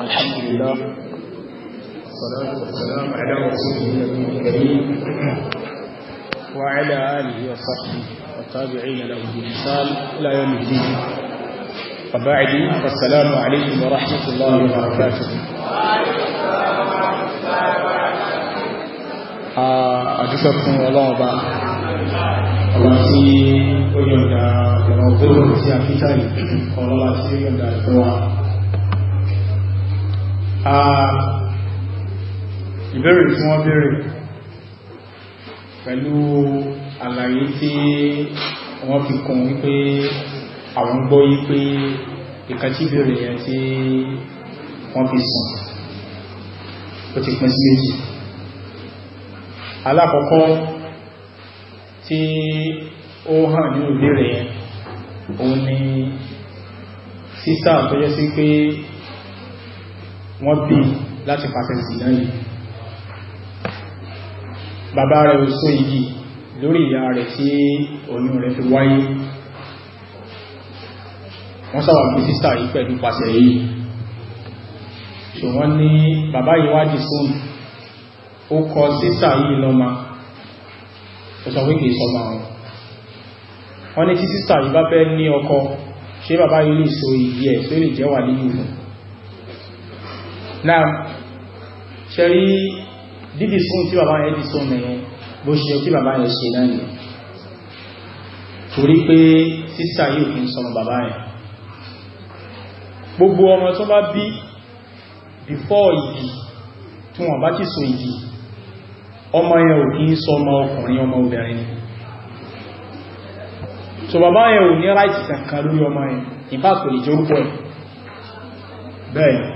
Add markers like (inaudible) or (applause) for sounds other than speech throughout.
الحمد لله والصلاة والسلام على رسول الله الكريم وعلى آله وصحبه والتابعين له بإحسان لا يوم الدين وبعد والسلام عليكم ورحمة الله وبركاته أدفع فún ọlọ́run ọba ọlọ́run tí ó yọ̀nda ọ̀rọ̀ tó lórí sí àfíkà yìí ọlọ́run tí ó ìfẹ́ wa ìbéèrè tí wọ́n béèrè pẹ̀lú àlàyé tí wọ́n fi kún wípé àwọn gbọ́ yí pé ìkàtí béèrè yẹn tí wọ́n fi sùn ó ti pín sí méjì alákọ̀ọ́kọ́ tí ó hàn nínú ìbéèrè yẹn òun ni sísà tó yẹ sí pé wọ́n bí láti pàṣẹ zìnà yìí bàbá rẹ̀ ò so igi lórí ìyá rẹ̀ tí oyún rẹ̀ fi wáyé wọ́n sáwà bí sísà yìí pẹ̀lú pàṣẹ yìí ṣùgbọ́n ní bàbá ìwádìí sóhùn ó kọ sísà yìí lọ́mà ó sọ wíkì sọmọ àwọn wọ́n ní tí sísà yìí bá fẹ́ now ṣe didi dídì sún tí bàbá yẹn dì sún nìyẹn bó ṣe yẹ kí bàbá yẹn ṣe náà nìyẹn torí pé sísà yìí kì í sọmọ bàbá yẹn gbogbo ọmọ tó bá bí before ìdí tí wọ́n bá ti so ìdí ọmọ yẹn ò kì í sọ ọmọ ọkùnrin ọmọ obìnrin so bàbá yẹn ò ní ráìtì kankan lórí ọmọ yẹn ìbá kò lè orúkọ ẹ̀ bẹ́ẹ̀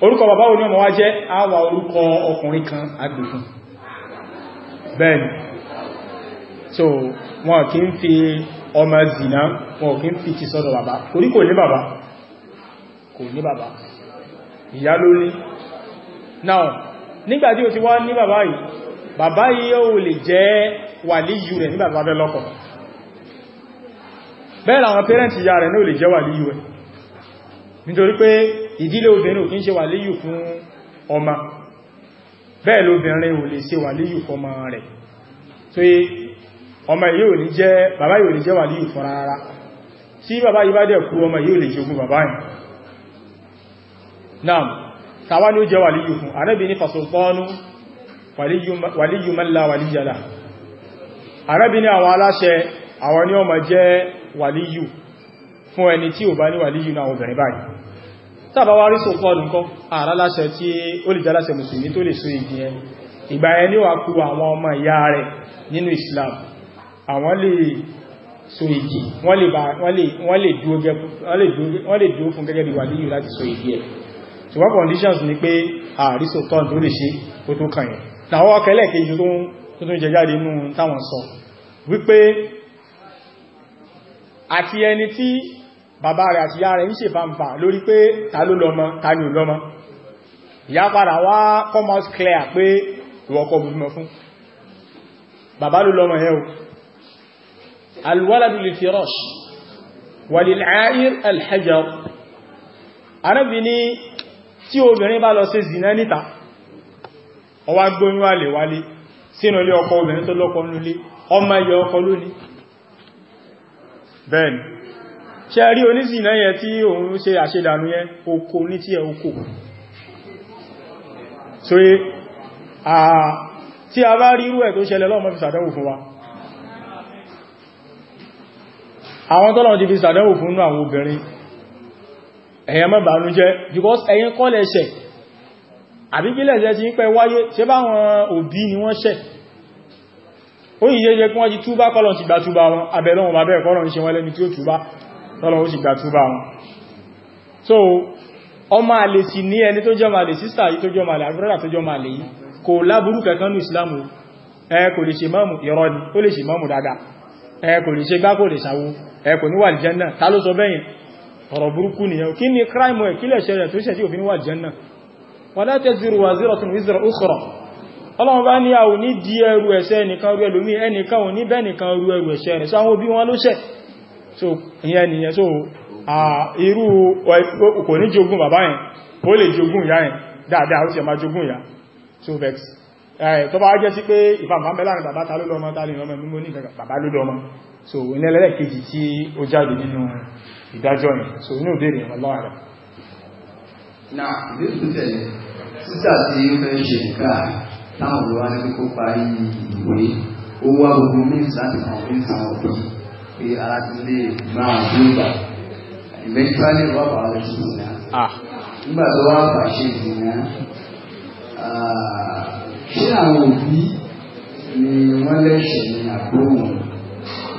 orúkọ bàbá wo ni ọmọ wá jẹ́ àwà orúkọ ọkùnrin kan agbèfún bẹ́ẹ̀ni so wọn kí ń fi ọmọ zina wọn kí ń fi ti sọ́dọ̀ bàbá orí kò ní bàbá kò ní bàbá ìyá ló ní now nígbàtí o ti wá ní bàbá yìí bàbá yìí ó lè jẹ́ wàlíyù rẹ̀ nígbàtí bàbá lọ́kọ bẹ́ẹ̀ làwọn pẹ́rẹ́ntì ní ó rẹ̀ nítorí pé ìdílé obìnrin ò kí ń ṣe wàlíyù fún ọmọ bẹ́ẹ̀ lóbìnrin ò lè ṣe wàlíyù fún ọmọ rẹ̀ tó yé ọmọ yóò ní jẹ́ bàbá yóò ní jẹ́ wàlíyù fún rárá tí bàbá yìí bá dẹ̀ kú ọmọ yóò lè jogún bàbá yìí náà tàwa ni ó jẹ́ wàlíyù fún Ànábì ní fasultanu wàlíyù malla wàlíyàlá sábàwá rí so kọ́ nǹkan ààrá láṣẹ tí ó lè jáláṣẹ mùsùlùmí tó lè so ìdí ẹ ìgbà ẹni wà kú àwọn ọmọ ìyá rẹ̀ nínú Islam àwọn lè so ìdí wọ́n lè dúó fún gẹ́gẹ́ bí wà níyù láti so ìdí ẹ̀ ṣùgbọ́n conditions ni pé ààrí so tọ́ tó lè ṣe ó tó kàn yẹn àwọn ọkẹlẹ̀ kejì tó àti ẹni tí bàbá rẹ̀ àti ìyá rẹ̀ ń ṣe fàǹfà lórí pé ta ló lọ́mọ ta ni ò lọ́mọ ìyá padà wá come out clear pé ìwọ̀kọ̀ bímọ fún bàbá ló lọ́mọ yẹ́ o alwaladu lil firash walil air alhajar arábì ní tí obìnrin bá lọ ṣe zina níta ó gbóyún ṣe rí onísìnà yẹn tí òun ṣe àṣedànú yẹn oko ní tí ẹ oko so yé e, tí a bá rí irú ẹ̀ tó ṣẹlẹ̀ lọ́mọ́ fi sàdánwò fún wa àwọn tọ́lọ̀ ti fi sàdánwò fún ní àwọn obìnrin ẹ̀yẹn má jẹ́ because ẹ̀yin kọ́ lẹ́ṣẹ̀ àbí kí lẹ́ṣẹ̀ ti ń pẹ́ wáyé ṣe bá wọn òbí ni wọ́n ṣẹ̀ ó yìí yẹ́ jẹ́ kí wọ́n ti túbá kọ́lọ̀ ti gbà túbá wọn abẹ́lọ́wọ́n bàbẹ́ ẹ̀kọ́lọ̀ ń ṣe wọ́n lẹ́ni tí ó túbá tọ́lọ̀ ó sì gbà túbà wọn so ọmọ àlè sí ní ẹni tó jọmọ àlè sísà yìí tó jọmọ àlè àbúrọ́dà tó jọmọ àlè yìí kò láburú kankan ní ìsìlámù ẹ kò lè ṣe mọ́mù ìrọ́ ni ó lè ṣe mọ́mù dáadáa ẹ kò lè ṣe gbá kò lè ṣàwó ẹ kò ní wà àlìjánnà ta ló sọ bẹ́yìn ọ̀rọ̀ burúkú nìyẹn kí ọlọ́run bá ní àwọn ní di ẹrù ẹ̀ṣẹ̀ ẹnìkan rú ẹlòmí ẹnìkan ò bẹ́ẹ̀nìkan rú ẹrù ẹ̀ṣẹ̀ rẹ̀ sáwọn òbí wọn ló ṣẹ̀ so ìyẹn nìyẹn so irú kò ní jogún bàbá yẹn ó lè jogún ìyá yẹn dáadáa ó sì máa jogún ìyá so vex tó bá jẹ́ sí pé ìfàmà mẹ́lá ní bàbá ta ló lọ́mọ ta lè lọ́mọ mímọ́ ní ìgbàgbà bàbá ló lọ́mọ so ilẹ̀lẹ́lẹ̀ kejì tí ó jáde nínú ìdájọ́ yẹn so inú ìbéèrè ọlọ́rẹ̀ náà táwọn olùwà kó parí ìwé ó wá gbogbo mí pé ara ti lè máa gbóògbà eventually wà bàálẹ̀ sí ìná ah. nígbà tó wà bàṣẹ ìdìnnà ah, ṣé àwọn òbí ni wọ́n lẹ́sẹ̀ ní àgbóhùn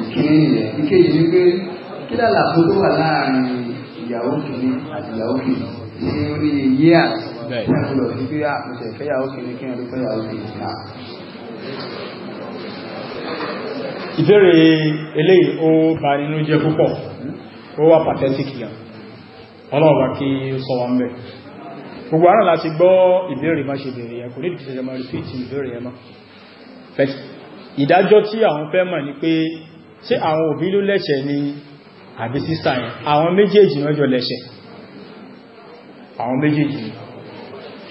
ìkíni rẹ̀ ìkejì ni pé kí lálàfo tó wà láàrin ìyàwó kìíní àti ìyàwó kìíní ṣé ó ní iye àti ah, ìyàwó kìíní pé àpòṣẹ̀ fẹ́yàwó kìíní kí wọ́n tó fẹ́yàwó kìíní náà ìbéèrè eléyìí ó bá nínú jẹ́ púpọ̀ ó wà pàtẹ́sìkì gan ọlọ́ọ̀bá kí ó sọ wọn bẹ̀ gbogbo ara láti gbọ́ ìbéèrè má ṣe bèèrè ẹkùn ní ìdíkìsẹ̀ ma rìfíìtì ìbéèrè ẹmọ́ ìdájọ́ tí àwọn fẹ́ mọ̀ ní pé ṣé àwọn òbí ló lẹ́ṣẹ̀ ni àbí sísà yẹn àwọn méjèèjì náà jọ lẹ́ṣẹ̀ àwọn méjèèjì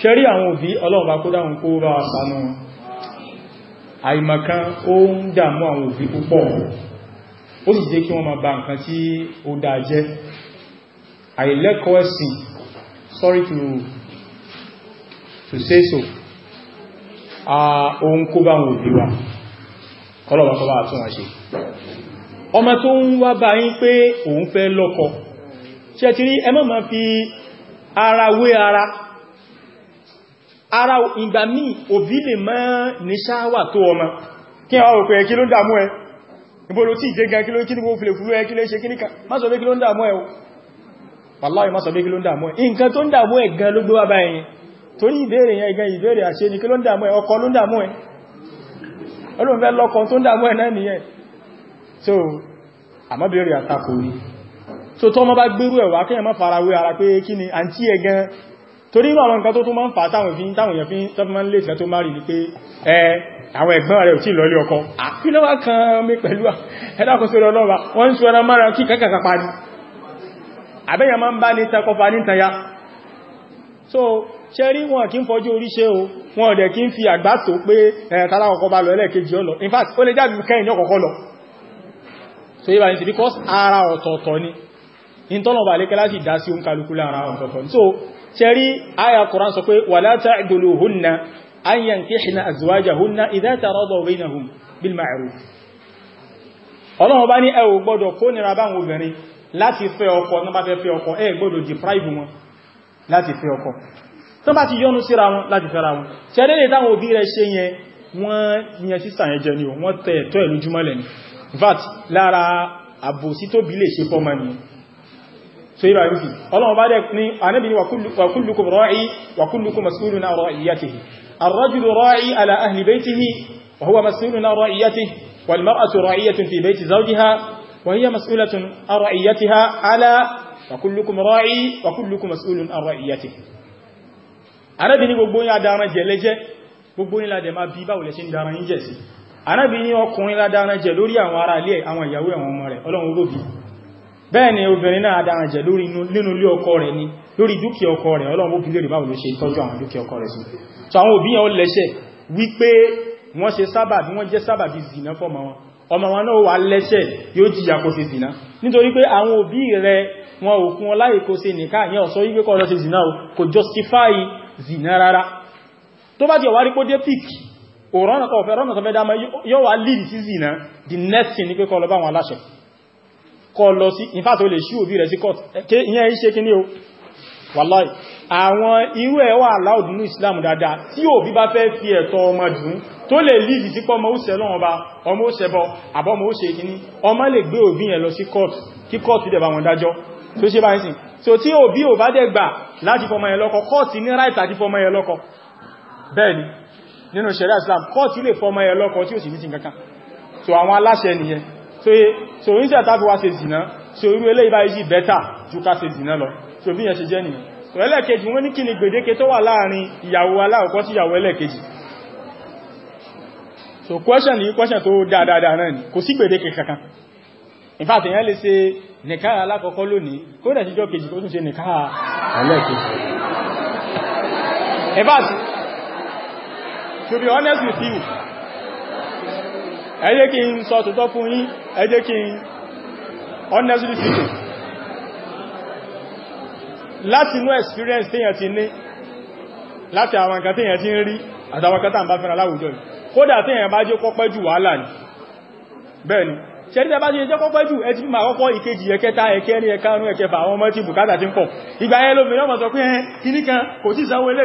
ṣẹ́rí àwọn òbí ọlọ́ọ̀bá kó dáhùn kó bá wa sánú wọn àìmọ̀kan ó ń dàmú àwọn òbí púpọ̀ ó sì jẹ́ kí wọ́n máa bà nǹkan tí ó dáa jẹ́ àìlẹ́kọ̀ọ́ ẹ̀sìn sorry to to say so ohun kó bá wọn òbí wa kọlọ̀wọ́ kọ́ bá tún wọn ṣe ọmọ tó ń wá bá yín pé òun fẹ́ lọ́kọ ṣe ti rí ẹ má fi ara wé ara ara ìgbà míì òbí lè mọ́ ní ṣáwà tó ọmọ kí wọ́n rò pé kí ló ń dàmú ẹ ìbòrò tí ìdégan kí ló kí ní gbogbo fìlè fúrú ẹ kí lè ṣe kí sọ kí ló ń dàmú ẹ nǹkan tó ń dàmú ẹ gan ló gbé báyìí torí ìbéèrè yẹn gan ìbéèrè àṣẹ ni kí ló ń dàmú ẹ ọkọ ló ń dàmú ẹ tó ń dàmú ẹ náà so àmọ́ àtakò ni so tọ́mọ bá gbérú ẹ̀ wá má farawé ara pé kí ni àǹtí torí irú àwọn nǹkan tó tó máa ń fà táwọn ìfín táwọn èèyàn fín tó máa ń lè tó máa rí ní pé ẹ àwọn ẹ̀gbọ́n rẹ̀ ò tí lọ́lé ọkọ àfi kan mi pẹ̀lú ẹ̀dàkùn wọ́n ń sọ so ṣe rí wọn kí ń fọjú orí ṣe o wọn ọ̀dẹ̀ kí ń fi àgbá in fact ó lè jáde kẹ́yìn ní ọkọ̀kọ́ so yíba because ara ọ̀tọ̀ọ̀tọ̀ ni in tọ́nà bà lékẹ́lá sì dá sí oúnkàlùkú lára ọ̀tọ̀ọ̀tọ̀ so ṣẹ́rí àyà Kùrán sọ pé wala ta'duluhunna an yankihna azwajahunna idha taradaw bainahum bil ma'ruf ọlọ́run bá ní ẹ ò gbọ́dọ̀ kó nira báwọn obìnrin láti fẹ́ ọkọ ní bá fẹ́ fẹ́ ọkọ ẹ gbọ́dọ̀ deprive wọn láti fẹ́ ọkọ tó bá ti yọ́nú síra wọn láti fẹ́ra wọn ṣẹ́rí so yíba yìí ọlọ́run bá dẹ̀ ní anábi ni wàkúlùkùn rọ́ì wàkúlùkùn masúlù náà rọ́ì yá tìhì arrajulu rọ́ì ala ahli baitihi wa huwa masúlù náà rọ́ì yá tìhì wal mar'atu ra'iyatun fi baiti zawjiha wa hiya mas'ulatun an ra'iyatiha ala wa kullukum bẹ́ẹ̀ ni obìnrin náà adáran jẹ lórí nínú ilé ọkọ rẹ̀ ni lórí dúkìá ọkọ rẹ̀ ọlọ́run ó fi lè rí báwo ló ṣe tọ́jú àwọn dúkìá ọkọ rẹ̀ sí so àwọn òbí yẹn ó lẹ́ṣẹ̀ wípé wọ́n ṣe sábàbí wọ́n jẹ́ sábàbí zìnà fọ́mọ wọn ọmọ wọn náà wà lẹ́ṣẹ̀ yóò jìyà kó ṣe zìnà nítorí pé àwọn òbí rẹ̀ wọn ò kún ọláyè kó ṣe nìka ìyẹn ọ̀sọ́ kọ lọ sí in fact o lè ṣí òbí rẹ̀ sí court eh, ìyẹn iṣẹ́ kí ní o wàláì àwọn irú ẹ̀ wà allowed nínú Islam dáadáa tí òbí bá fẹ́ fi ẹ̀tọ́ ọmọ dùn tó lè líìdì sí pọ́ ọmọ òṣè lọ́wọ́n bá ọmọ òṣè bọ́ àbọ́ ọmọ òṣè kìíní ọmọ lè gbé òbí yẹn lọ sí court kí court dẹ̀ bá Islam court lè fọmọ yẹn lọ́kọ tí ò sì ní sí kankan àwọn aláṣẹ nìyẹn so yé so yí sí àtàbí wá ṣe zìnà so irú eléyìí bá yí better. ju ká ṣe zìnà lọ so bí yẹn ṣe jẹ́ nìyàn so ẹlẹ́ẹ̀kejì wọ́n ní kí ni gbèdéke tó wà láàrin ìyàwó aláàkọ́ sí ìyàwó so question yìí question tó dáadáa náà ni kò sí gbèdéke kankan in fact èèyàn lè ṣe nìká alákọ̀ọ́kọ́ lónìí kó dẹ̀ síjọ́ kejì kó tún ṣe nìká ẹlẹ́ẹ̀kejì in fact to be honest with you ẹ jẹ́ kí n sọ tòótọ́ fún yín ẹ kí n honestly speaking láti inú experience téèyàn ti ní láti àwọn nǹkan téèyàn ti ń rí àtàwọn kan tá à ń bá fẹ́ra láwùjọ yìí kódà téèyàn bá jẹ́ kọ́pẹ́ jù wàhálà ni bẹ́ẹ̀ ni ṣẹ́rí bá jẹ́ kọ́pẹ́ jù ẹ ti fi máa kọ́kọ́ ìkejì ẹ̀kẹta ẹ̀kẹrin ẹ̀karùn ẹ̀kẹfà àwọn ọmọ tí bùkátà ti ń pọ̀ ìgbà yẹn ọmọ sọ pé ẹ kìníkan kò sí sanwó ilé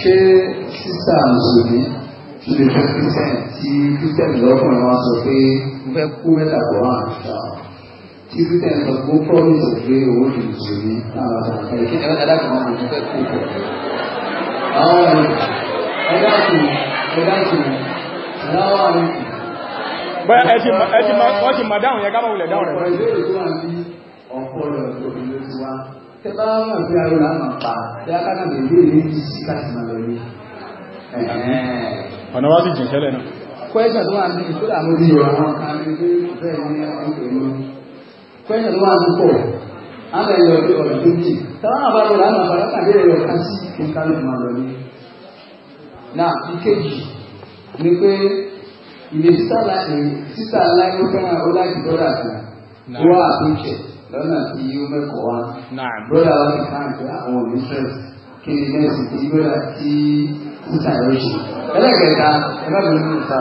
ṣé sísá mùsùlùmí tí lè fẹ́ kírísítẹ́nì tí kírísítẹ́nì lọ́kùnrin wọn sọ pé mo fẹ́ kú mẹ́ta bọ̀ wá àtúntà tí kírísítẹ́nì sọ pé ó promise pé owó ti mùsùlùmí náà wà láti ẹ̀kí ẹ̀rọ ẹ̀dáàkùn wọn mo fẹ́ kú pọ̀. àwọn ẹ̀dáàkùn ẹ̀dáàkùn ẹ̀dáwọ̀ àmì. bóyá ẹ ti mọ̀ dáhùn yẹn ká máa wulẹ̀ dáhùn rẹ̀. ọ̀pọ̀ ìbéèrè tó wà ní ọ̀pọ̀ tẹ bá mọ̀ sí aró là máa pa tẹ á kánà bèbè èyí ti sí káàkiri máa lọ rí. ọ̀nà wá sí jìn sẹ́lẹ̀ náà. kwẹ́sàn tó máa ń bí tó dà mú bí àwọn kan ní bẹ́ẹ̀ ní ọdún pẹ̀lú kwẹ́sàn tó máa ń pọ̀ àwọn ẹ̀yọ ọdún ọ̀rọ̀ tó jì táwọn àbájọ là máa bàrọ̀ kàdé ẹ̀yọ kan sí kíkálẹ̀ máa lọ rí. náà ìkejì ni pé ìlè sísà láì ló fẹ́ràn ó láì gbọ́dọ̀ àgbà wọ́n àbúkẹ́ lọ́nà tí yóò mẹ́kọ̀ọ́ wa. bróda wa ti ká àti àwọn òmìnira kí ni nẹ́ẹ̀sì tí bróda tí sísà yóò ṣe. ẹlẹ́gẹ̀ẹ́ta ẹ má bẹ̀rẹ̀ nínú sáà.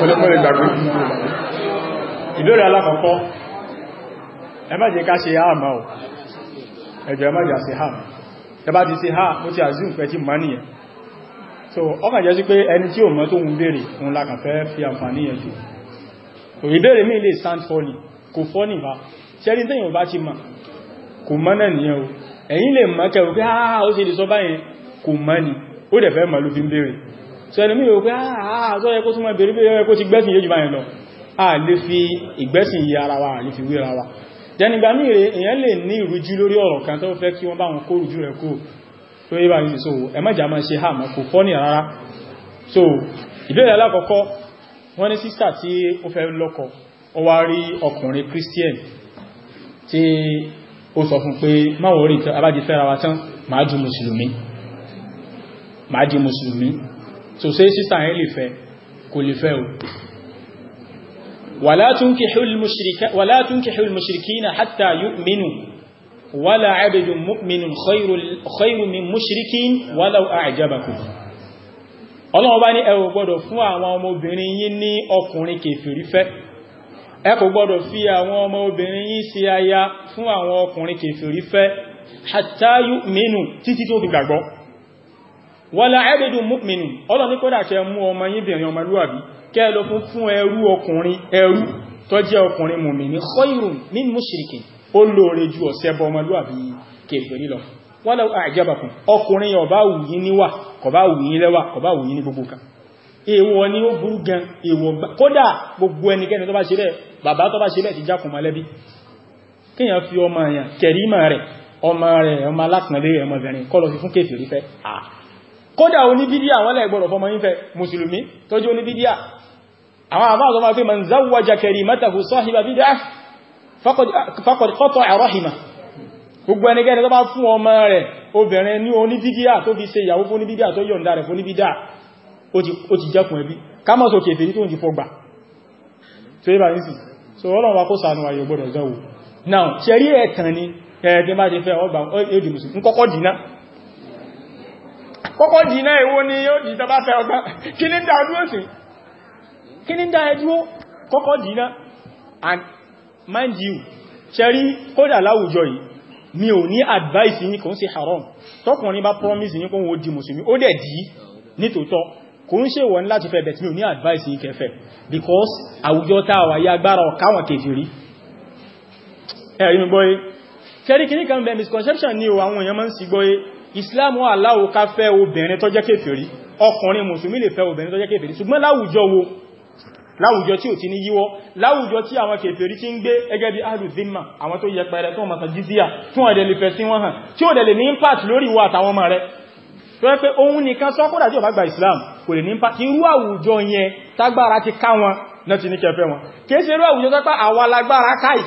pẹ̀lẹ́pẹ̀lẹ́ gbàgbé ìbéèrè alákọ̀ọ́kọ́ ẹ má jẹ́ ká ṣe àmà ò ẹjọ́ ẹ má jà sí ha tẹbá ti sí ha ó ti àzún pẹ̀ tí ma níyẹn so ọkà jẹ́ sí pé ẹni tí ò mọ̀ tó ń béèrè òun lákàfẹ́ fi àǹfààní yẹn jù ìbéèrè mi lè stand for ni kò fọ́ nìbá ṣẹ́rí tẹ́yìn ọba ti ma kò mọ́ náà nìyẹn o ẹ̀yin lè mọ́ kẹrù pé àà ó sì lè sọ báyẹn kò mọ́ ni ó dẹ̀ fẹ́ mọ́ ló fi ń béèrè so ẹni mí rò pé àà sọ yẹ kó súnmọ́ béèrè béèrè kó ti gbẹ́sìn yóò jù báyẹn lọ a lè fi ìgbẹ́sìn yí ara wa lè fi wé ara wa jẹnigba mí tó so ẹ má jà máa ṣe mọ́ kò so ìbéèrè alákọ̀ọ́kọ́ wọ́n ní sísà tí ó fẹ́ lọ́kọ̀ọ́ ó wá rí ọkùnrin christian tí ó sọ fún pé máwọ̀ orí nǹkan abájí fẹ́ra wa tán máa jù mùsùlùmí máa jù mùsùlùmí so ṣe sísà yẹn lè fẹ́ kò lè fẹ́ o wala tunkihul mushrikina hatta yu'minu wala abdun mu'minun khayrun min mushrikin walau a'jabakum ọlọ́wọ́ bá ní ẹ gbọ́dọ̀ fún àwọn ọmọbìnrin yín ní ọkùnrin kèfèrí fẹ́ ẹ kò gbọ́dọ̀ fi àwọn ọmọ obìnrin yín sí aya fún àwọn ọkùnrin kèfèrí fẹ́ hàtàyù mínú títí tó fi gbàgbọ́ wọ́lá ẹ́bẹ̀dù mínú ọlọ́ ní kódà kẹ mú ọmọ yín bìnrin ọmọlúwàbí kẹ́ lọ fún fún ẹrú ọkùnrin ẹrú tó jẹ́ ọkùnrin mùmínì khayrun min mushrikin ó lóore ju ọ̀sẹ̀ bọ ọmọlúwàbí kèfèrí lọ èèwọ̀ ni ó burú gan èèwọ̀ kódà gbogbo ẹnikẹ́ni tó bá ṣe bẹ́ẹ̀ bàbá tó bá ṣe bẹ́ẹ̀ ti jákùn mọ̀lẹ́bí kíyàn fi ọmọ èèyàn kẹ̀rímà rẹ̀ ọmọ rẹ̀ ọmọ alákùnlé ọmọbìnrin kọ́lọ̀ sí fún kèfèrí fẹ́ kódà oníbídíà wọ́n lẹ́gbọ́rọ̀ fọmọ yínfẹ́ mùsùlùmí tó jẹ́ oníbídíà àwọn àbá àzọ́mà pé man zawwaja karimatahu sahiba bídá faqad qata'a rahima gbogbo ẹnikẹ́ni tó bá fún ọmọ rẹ̀ obìnrin ó ti jẹ́kùn ẹbí kámọ́ sọ kèfèrí tó ń ti fọgbà tó yíba ní sí so ọlọ́run wa kó sànú ayò gbọ́dọ̀ zẹ́wò now ṣẹ̀rí ẹ̀tàn ni ẹ̀ẹ́dẹ́ bá ti fẹ́ ọgbà èdè musulmi kọ́kọ́ dìíná kọ́kọ́ dìíná èwo ni yóò and mind you ṣẹ̀rí kódà láwùjọ yìí mi ò ní advice yín kò ń ṣe haram tọkùnrin bá promise yín kó wọ́n di musulmi ó dẹ̀ dìí nítòótọ́ kò ń ṣe wọ́n láti fẹ́ bẹ̀tí ní advice yìí kẹfẹ́ because àwùjọ tá a wà yí agbára ọ̀káwọn kèfèrí ẹ̀rí mi gbọ́yé kẹrí kìíní kan bẹ̀ misconception ni o àwọn èèyàn máa ń sì gbọ́yé Islam wà láwo ká fẹ́ obìnrin tó jẹ́ kèfèrí ọkùnrin mùsùlùmí lè fẹ́ obìnrin tó jẹ́ kèfèrí ṣùgbọ́n láwùjọ wo láwùjọ tí ò ti ní yíwọ́ láwùjọ tí àwọn kèfèrí ti ń gbé ẹgẹ́ bí alùdímà àwọn tó yẹ pẹ̀rẹ̀ tó mọ̀sán jízíà fún ọ̀dẹ̀ lè fẹ́ sí wọ́n hàn tí ó dẹ̀ lè ní impact lórí ìwọ àtàwọn Islam kò lè nípa kí irú àwùjọ yẹn tágbára ti ká wọn náà ti ní kẹfẹ́ wọn kìí ṣe irú àwùjọ tápá àwa lágbára káì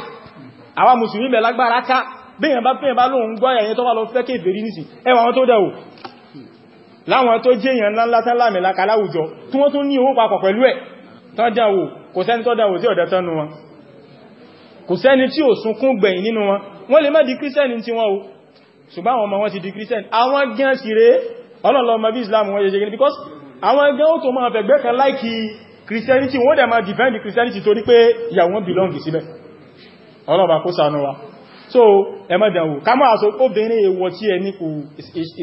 àwa mùsùlùmí bẹ̀ lágbára ká bíyàn bá pín bá lóun gbọ́ ẹ̀yẹn tó wà lọ fẹ́ kéfèrí nìsìn ẹwà wọn tó dẹ̀wò láwọn tó jẹ́ èèyàn ńláńlá tán lámìlaka láwùjọ tí wọ́n tún ní owó papọ̀ pẹ̀lú ẹ̀ tán dẹ̀wò kò sẹ́ni lè má di kírísẹ́nì tí wọ́n o ṣùgbọ́n àwọn ọmọ wọn ti di kírísẹ́nì àwọn gẹ́ǹsì rẹ̀ ọlọ́lọ́ ọmọ bí Islam wọ́n yẹ ṣe gẹ́ni because àwọn ẹgbẹ́ ó tó máa fẹ̀gbẹ́ kan láìkí christianity wọ́n dẹ̀ máa defend christianity torí pé ìyàwó wọn belong síbẹ̀ ọlọ́ba kó ṣàánú wa so ẹmọ́dẹ̀wò ká máa sọ obìnrin èèwọ̀ tí ẹni kò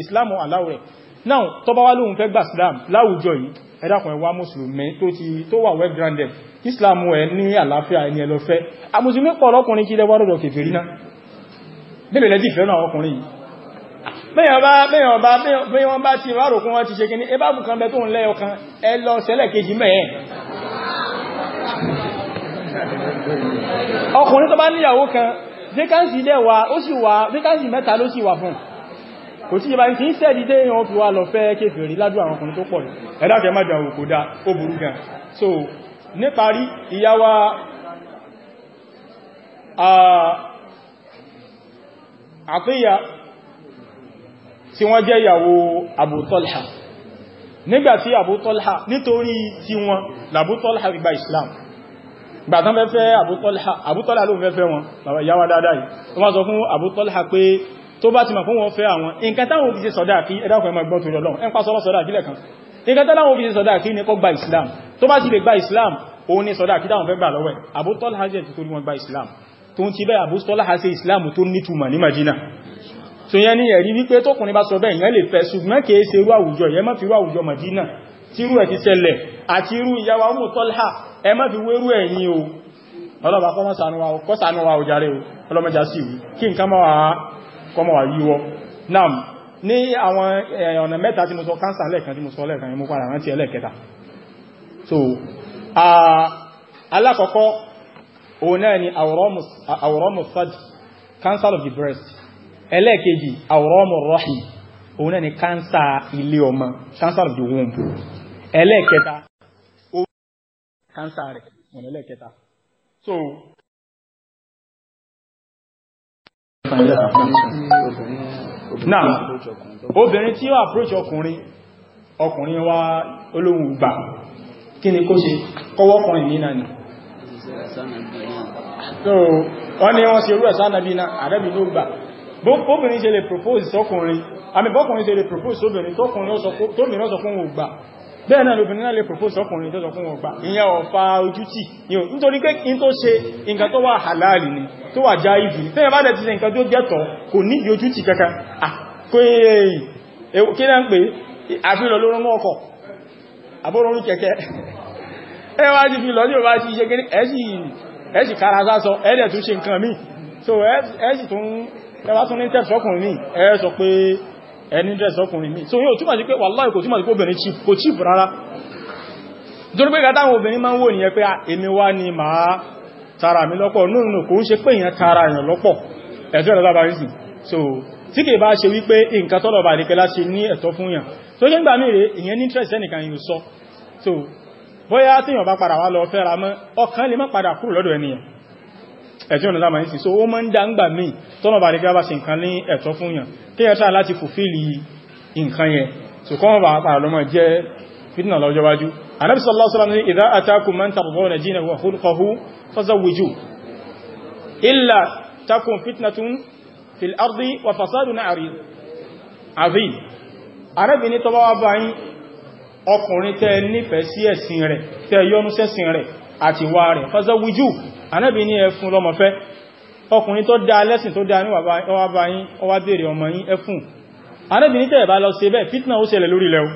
islam aláwọ̀ rẹ̀ now tó bá wá lóhun fẹ́ gbà islam láwùjọ yìí ẹ dákun ẹ wá mùsùlùmí tó ti tó wà well grounded islam ẹ ní àlàáfíà ẹni ẹlọ́fẹ́ àmùsùlùmí pọ̀ lọ́kùnrin kí lẹ́wọ́ rọ̀dọ̀ kèfèrí náà bẹ́bẹ̀lẹ́ dìfẹ́ náà ọkùnrin yìí mẹ́yàn bá ti rárò kún wọ́n ti ṣe kíní ẹbá bùkan bẹ tó ń lẹ́ ọkàn ẹ lọ sẹ́lẹ̀ kejì mẹ́ẹ̀ ọkùnrin tó bá níyàwó kan vacancy dẹ̀ wà ó sì wà vacancy mẹ́ta ló sì wà fún kò tí ìbá ti ń sẹ́ dídé èèyàn fi wá lọ fẹ́ kéfèrí lájú àwọn àpíyà tí wọ́n jẹ́ ìyàwó Abu Talha nígbàtí Abu Talha nítorí tí wọ́n l'Abu Talha Islam gbàtán fẹ́fẹ́ Abu Talha Abu Talha ló fẹ́fẹ́ wọn yàwà dáadáa yìí tó máa sọ fún Abu Talha pé tó bá ti mọ̀ fún wọn fẹ́ àwọn nǹkan táwọn òbí ṣe sọ̀dá kí ẹ̀dàkùn ẹmọ ẹgbọ́n tó Islam tó bá ti Islam òun ni sọ̀dá kí táwọn fẹ́ gbà lọ́wọ́ Abu Islam tó ń ti bẹ́ Islam tó nítumọ̀ ní Madina so yẹn ni ẹ̀rí wípé tókùnrin bá sọ bẹ́ẹ̀ yẹn lè fẹ́ ṣùgbọ́n kìí ṣe irú àwùjọ yẹn má fi irú àwùjọ Mádínà tí irú ẹ̀ ti ṣẹlẹ̀ àti irú ìyàwó ọmọ tọ́lá ẹ má fi wérú ẹ̀yìn o wa òjàre wa yíwọ́ nam ní àwọn ọ̀nà mẹ́ta tí mo sọ káńsà lẹ́ẹ̀kan tí mo sọ lẹ́ẹ̀kan yẹn mo padà rántí ẹlẹ́ẹ̀kẹta ni àwòrán musad cancer of the breast ẹlẹ́ẹ̀kejì àwòrọ́mù rọ́hì òun náà ni kánsà ilé ọmọ kánsà of the womb ẹlẹ́ẹ̀kẹta kánsà rẹ̀ òun ẹlẹ́ẹ̀kẹta so náà obìnrin tí ó approach ọkùnrin ọkùnrin wá olóhun gbà kí ni kó ṣe kọwọ́kùnrin ní náà ni so wọ́n ni wọ́n ṣe orú ẹ̀sánàbí náà àdẹ́bì ló gbà bóbìnrin ṣe lè propose sọ́kùnrin àmì bọ́kùnrin ṣe lè propose sóbìnrin tóbìnrin sọ fún ògbà bẹ́ẹ̀ náà lóbìnrin náà lè propose sọ́kùnrin tó sọ fún ògbà ìyẹn ọ̀fà ojútì nítorí pé in tó ṣe nǹkan tó wà halali ni tó wà jáìzì ní tẹ́yẹ bá dẹ̀ ti ṣe nǹkan tó jẹ́tọ̀ kò nídìí ojútì kankan kí náà ń pè àfihàn lóró mọ́ ọkọ̀ àbóròrú kẹ̀kẹ́ (laughs) ẹwà ti fi lọ ní ọba ti ṣe kéré ẹ̀ẹ́sì kára sásọ ẹ̀ẹ́dẹ̀ tún ṣe nǹkan míì so ẹ̀ẹ́sì tún ẹwà tún ní tẹ́fẹ́ ọkùnrin ní ẹ sọ pé ẹni dẹ́sọ ọkùnrin ní so yóò túnmà sí pé wàláì kò túnmà sí pé obìnrin kò chíìpù rárá torí pé gata àwọn obìnrin máa ń wò nìyẹn pé èmi wá ni ma, tara mi lọ́pọ̀ nínú kò ń ṣe pé èèyàn tara èèyàn lọ́pọ̀ ẹ̀tọ́ ẹ̀rọ bá rí so tí kì bá ṣe wípé nǹkan tọ́lọ̀ bá rí pé láti ní ẹ̀tọ́ fún yàn tó ṣe ń gbà mí ìyẹn ní interest ẹnìkan yìí sọ so bóyá tíyàn bá padà wá lọ fẹ́ra mọ́ ọkàn lè má padà kúrò lọ́dọ̀ ẹnìyàn ẹ̀tí ọ̀nà lámà nísìn so ó mọ́ ń dá ń gbà míì tọ́nà bá nígbà bá sí nǹkan ní ẹ̀tọ́ fún yàn kí ẹ tàà láti fòfíìlì nǹkan yẹn so kọ́nà bá pàà lọ́mọ jẹ́ fitna lọ́jọ́ wájú anábi sallallahu alaihi wasallam ní idha atakum man tardawna dinahu wa khuluquhu fazawwiju illa takun fitnatun fil ardi wa fasadun azim arábi ní tọ́wọ́ bá yín ọkùnrin tẹ́ nífẹ̀ẹ́ sí ẹ̀sìn rẹ̀ tẹ́ yọ́nú sẹ́sìn rẹ̀ àti wá rẹ̀ fọ́sọ́wújú anábì ní ẹfún lọ́mọ̀fẹ́ ọkùnrin tó dá lẹ́sìn tó dá ní ọwá bá yín ọwá bèèrè ọmọ yín ẹfún anábì ní tẹ́ẹ̀bá lọ ṣe bẹ́ẹ̀ fitna ó ṣẹlẹ̀ lórí lẹ́wọ́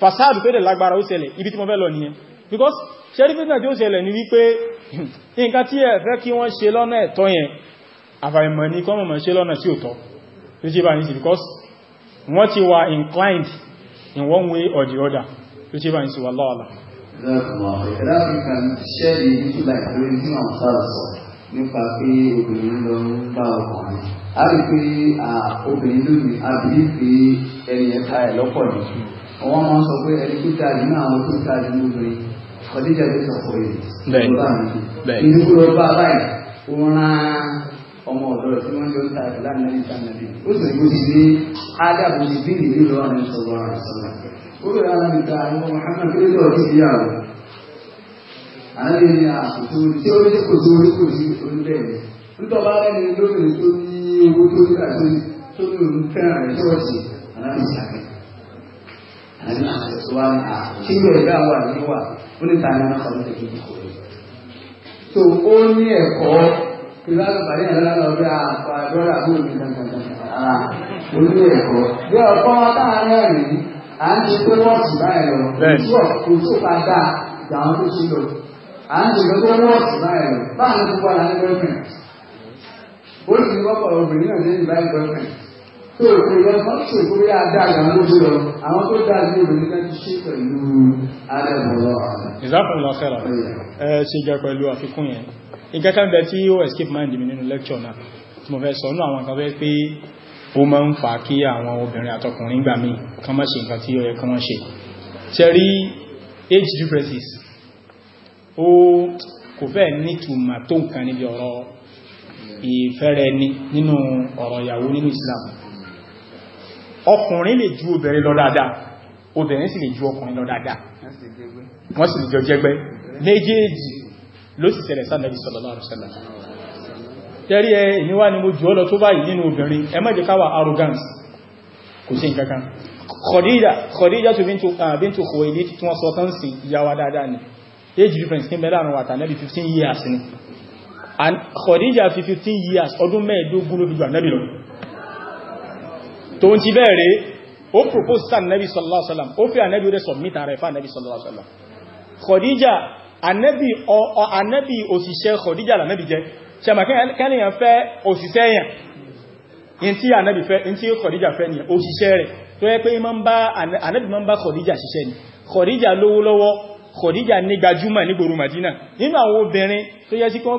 fasádù tó dẹ̀ lágbára ó ṣẹlẹ̀ ibi tí mo fẹ́ lọ nìyẹn because ṣẹ́rí fitna tí ó ṣẹlẹ̀ ní wípé (laughs) nǹkan tí ẹ fẹ́ kí wọ́n ṣe lọ́nà ẹ̀tọ́ yẹn àfàìmọ̀ ní kọ́mọ̀ mọ̀ ṣe lọ́nà tí ó tọ́ tó ṣe bá ní sí because wọ́n ti wà inclined in one way or the other tó ṣe bá ní sí wà lọ́ọ̀lá lọ́kùnrin ọ̀rẹ́ ẹ̀dá fi kàn ṣẹ́ẹ̀lì nítorí láìpẹ́ lórí nínú àwọn sáà sọ nípa pé obìnrin lọ ń bá ọkùnrin a rí pé obìnrin lónìí àbí pé ẹni ẹ̀ka ẹ̀ lọ́pọ̀ ni wọ́n máa ń sọ pé ẹni tó dáa nínú àwọn tó dáa nínú obìnrin kọ́díjà ló sọ pé bẹ́ẹ̀ bẹ́ẹ̀ nínú kúrò bá báyìí ó rán ọmọ ọ̀dọ́ rẹ̀ tí wọ́n jọ ń ta ìlànà ìlànà ó sì kó ti ní ádàbò ti bí ìlú lọ́wọ́ àwọn ìṣòro àwọn ìṣòro olùrẹ̀ alábìta àwọn Muhammad kílódé ọ̀dí sí yàrá àárín ní àkókò tí ó ní kò tó orí kò sí oníbẹ̀ rẹ̀ nítorí bá rẹ̀ ní lóbìnrin tó ní owó tó ní àti tó ní òun fẹ́ràn rẹ̀ ṣọ́ọ̀ṣì alábìsàkẹ́ àti àtẹ̀síwá kí ló ẹ̀dá wà níwà ó ní ta ni wọn kọ́ lóde kíkì kò rí. tó ó ní ẹ̀kọ́ ìlànà pàdé ìlànà ọ̀dọ́ àpò àdọ́rà bóyá ìlànà ó ní ẹ̀kọ́ bí ọ̀pọ̀ táwọn náà rèé à ń ṣe pé wọ́ọ̀sì báyìí lọ kò tó bá dá ìgbà àwọn tó ṣe lọ à ń ṣe pé wọ́ọ̀sì báyìí lọ báwọn tó wà láti gọ́ọ̀mẹ̀ntì ó sì ń wọ́pọ̀ obìnrin náà lẹ́yìn báyìí gọ́ọ̀mẹ̀ntì tó o kò lọ fọ́n tó kó yá dá ìgbà àwọn tó lọ àwọn tó dá ní obìnrin náà ti ṣe pẹ̀lú alẹ́bọ̀lọ́ ìzákùnlọ kẹrà ẹ ṣe jẹ pẹ̀lú àfikún yẹn ìkẹ́kẹ́ bẹ tí ó escape mind mi nínú lecture náà tí mo fẹ́ sọ ó máa ń fa kí àwọn obìnrin àtọkùnrin gbà mí kán má ṣe nǹkan tí ó yẹ kán wọ́n ṣe ṣe rí age differences ó kò fẹ́ nítumà tó nǹkan níbi ọ̀rọ̀ ìfẹ́rẹ̀ ni nínú ọ̀rọ̀ ìyàwó nínú Islam ọkùnrin lè ju obìnrin lọ dáadáa obìnrin sì lè ju ọkùnrin lọ dáadáa wọ́n sì lè jọ jẹ́gbẹ́ méjèèjì ló sì ṣẹlẹ̀ sí Ànábì sallallahu tẹ́rí ẹ ìníwá ni mo jù ọ́ lọ tó báyìí nínú obìnrin ẹ má arrogance kò sí nǹkankan Khadija Khadija tó bíntu ah, Khuwailid tí wọ́n sọ tán sí ìyàwó dáadáa ni age difference ní mẹ́lá àrùn wàtà 15 years ni and Khadija fi 15 years ọdún mẹ́ẹ̀dógún ló fi gbà nẹ́bí lọ tó ń ti bẹ́ẹ̀rẹ̀ ó sallallahu alaihi wasallam ó fi ànẹ́bí ó submit ààrẹ fà sallallahu alaihi wasallam Khadija ànẹ́bí òṣìṣẹ́ Khadija lànẹ́bí jẹ́ ṣẹ̀mà kẹ́nìyàn fẹ́ òṣìṣẹ́ èèyàn in tí ànábì fẹ́ in tí kọ̀díjà fẹ́ ni òṣìṣẹ́ rẹ̀ tó yẹ pé ànábì máa ń bá kọ̀díjà ṣiṣẹ́ ni kọ̀díjà lówó lọ́wọ́ kọ̀díjà ní gbajúmọ̀ ní gbòrò Madina nínú àwọn obìnrin tó yẹ sí kí wọ́n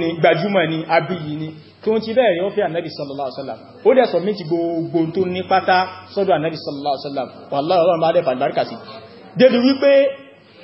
ni gbajúmọ̀ ni abíyì ni kí wọ́n ti bẹ́ẹ̀ rí ọ́fẹ́ ànábì sallallahu alaihi wasallam ó dẹ̀ sọ̀mí ti gbogbo tó ní pátá sọ́dọ̀ ànábì sallallahu alaihi wasallam wàlláhì bá dẹ̀ fàgbárkà sí débi wípé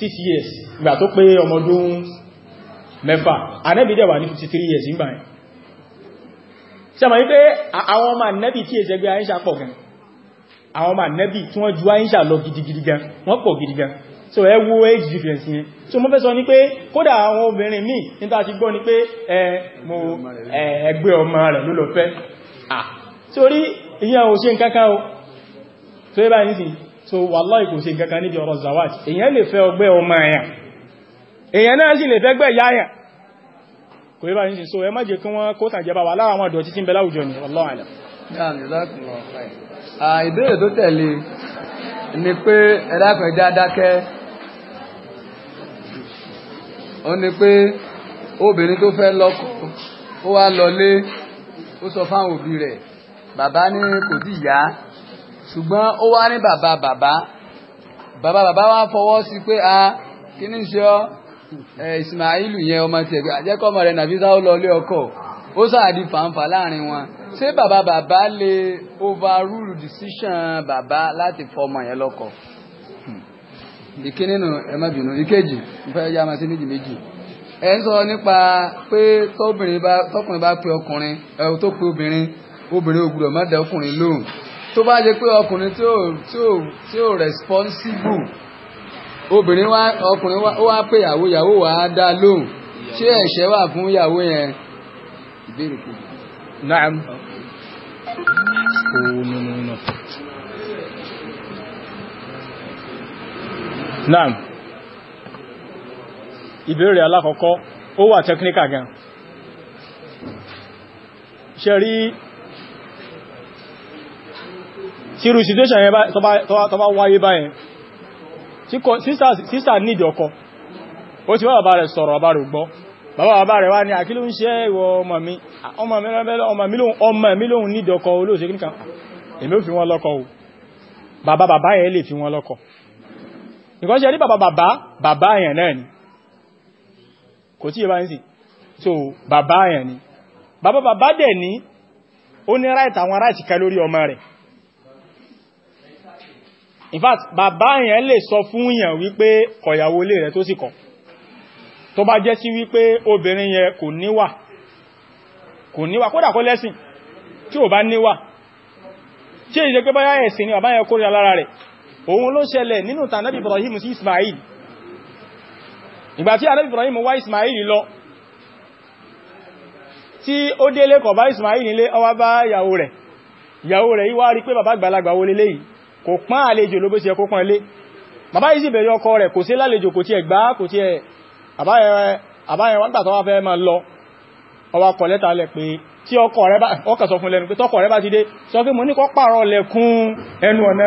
six years ìgbà tó pé ọmọdún mẹ́fà anẹ́bì dẹ̀ wà ní 53 years ìgbà yẹn sẹ́mà yí pé àwọn ọmọ anẹ́bì tí èsẹ̀ gbé àyíṣà pọ̀ gan àwọn ọmọ anẹ́bì tí wọ́n ju àyíṣà lọ gidigidi gan wọ́n pọ̀ gidi gan so ẹ wo age difference yẹn so mo fẹ́ sọ ní pé kódà àwọn obìnrin míì níta ti gbọ́ ni pé mo ẹgbẹ́ ọmọ rẹ̀ ló lọ ah torí ìyẹn ò ṣe nǹkan kan so ẹ báyìí nísìnyí so wàláì kò sí kankan níbi ọ̀rọ̀ zawaj èyàn lè fẹ́ ọgbẹ́ ọmọ ẹ̀yàn èyàn náà sì lè fẹ́gbẹ́ yáyàn kò yíba ní so ẹ má jẹ́ kí wọ́n kó tàjẹba wà láwọn ọ̀dọ̀ títí ń bẹ láwùjọ ni wallahu alam ìbéèrè tó tẹ̀lé ni pé ẹ̀dàkùn ẹja dákẹ́ ó ní pé obìnrin tó fẹ́ lọ́kọ ó wá lọlé ó sọ fáwọn òbí rẹ̀ bàbá ní kò tí ìyá ṣùgbọ́n ó wá ní bàbá bàbá bàbá bàbá wa fọwọ́ sí pé a kí ni ṣe ọ Ismailu yẹn ọmọ tiẹ̀ pé àjẹkọ́ ọmọ rẹ̀ Nàfísà ó lọ ilé ọkọ ó sàdí fàǹfà láàrin wọn ṣé bàbá bàbá lè overrule decision bàbá láti fọmọ yẹn lọ́kọ. Hmm. ìkíní nù ẹ má bínú ìkejì mo fẹ́ yá ma sí méjì méjì ẹ ń sọ nípa pé tọkùnrin bá pe ọkùnrin ẹ tó pe obìnrin obìnrin ò gbọ́dọ̀ má dá ọkùnrin lóhùn tó bá jẹ́ pé ọkùnrin tí ò tí ò tí ò responsible obìnrin wa ọkùnrin wa ó wá pé ìyàwó ìyàwó wa á dá lóhùn ṣé ẹ̀ṣẹ̀ wà fún ìyàwó yẹn ìbéèrè kù. naam. Oh, naam ìbéèrè alákọ̀ọ́kọ́ ó wà technical gan ṣe rí tí irú situation yẹn tó bá wáyé báyẹn sísà nídìí ọkọ ó ti wá bàbá rẹ̀ sọ̀rọ̀ bàbá rẹ̀ gbọ́ bàbá bàbá rẹ̀ wá ní àkílù ń ṣe ìwọ ọmọ mi ọmọ mi lóhun nídìí ọkọ olóòṣè kíníkan èmi ò fi wọn lọ́kọ o bàbá bàbá yẹn lè fi wọn lọ́kọ nǹkan ṣe ní bàbá bàbá bàbá yẹn náà ni kò tí yẹ bá ń sìn so bàbá yẹn ni bàbá bàbá dẹ̀ ní ó ní ráìtì àwọn ráìtì kan lórí ọmọ rẹ̀ in fact bàbá yẹn lè sọ fún yẹn wípé kọ̀yàwó lè rẹ̀ tó sì kọ̀ tó bá jẹ́ sí wípé obìnrin yẹn kò níwà kò níwà kódà kó lẹ́sìn tí ò bá níwà tí èyí jẹ́ pé báyá ẹ̀sìn ni bàbá yẹn kórìíra lára rẹ̀ òun ló ṣẹlẹ̀ nínú tànábì Ibrahim Ismail ìgbà tí anábì Ibrahim wá Ismail lọ tí ó délé kọ̀ bá Ismail nílé ó wá bá ìyàwó rẹ̀ yìí kò pán àlejò ló bó ṣe kó pán lé bàbá yìí sì bẹ̀rẹ̀ ọkọ rẹ̀ kò sí lálejò kò tí ẹ̀ gbá kò tí ẹ̀ àbáyẹn wọ́n tàtọ́ wá fẹ́ máa lọ ọwá kọ̀ lẹ́ta lẹ̀ pé tí ọkọ rẹ̀ bá ọkà sọ fún lẹ́nu pé tọkọ rẹ̀ bá ti dé sọ pé mo ní kó pààrọ̀ lẹ̀kùn ẹnu ọ̀nà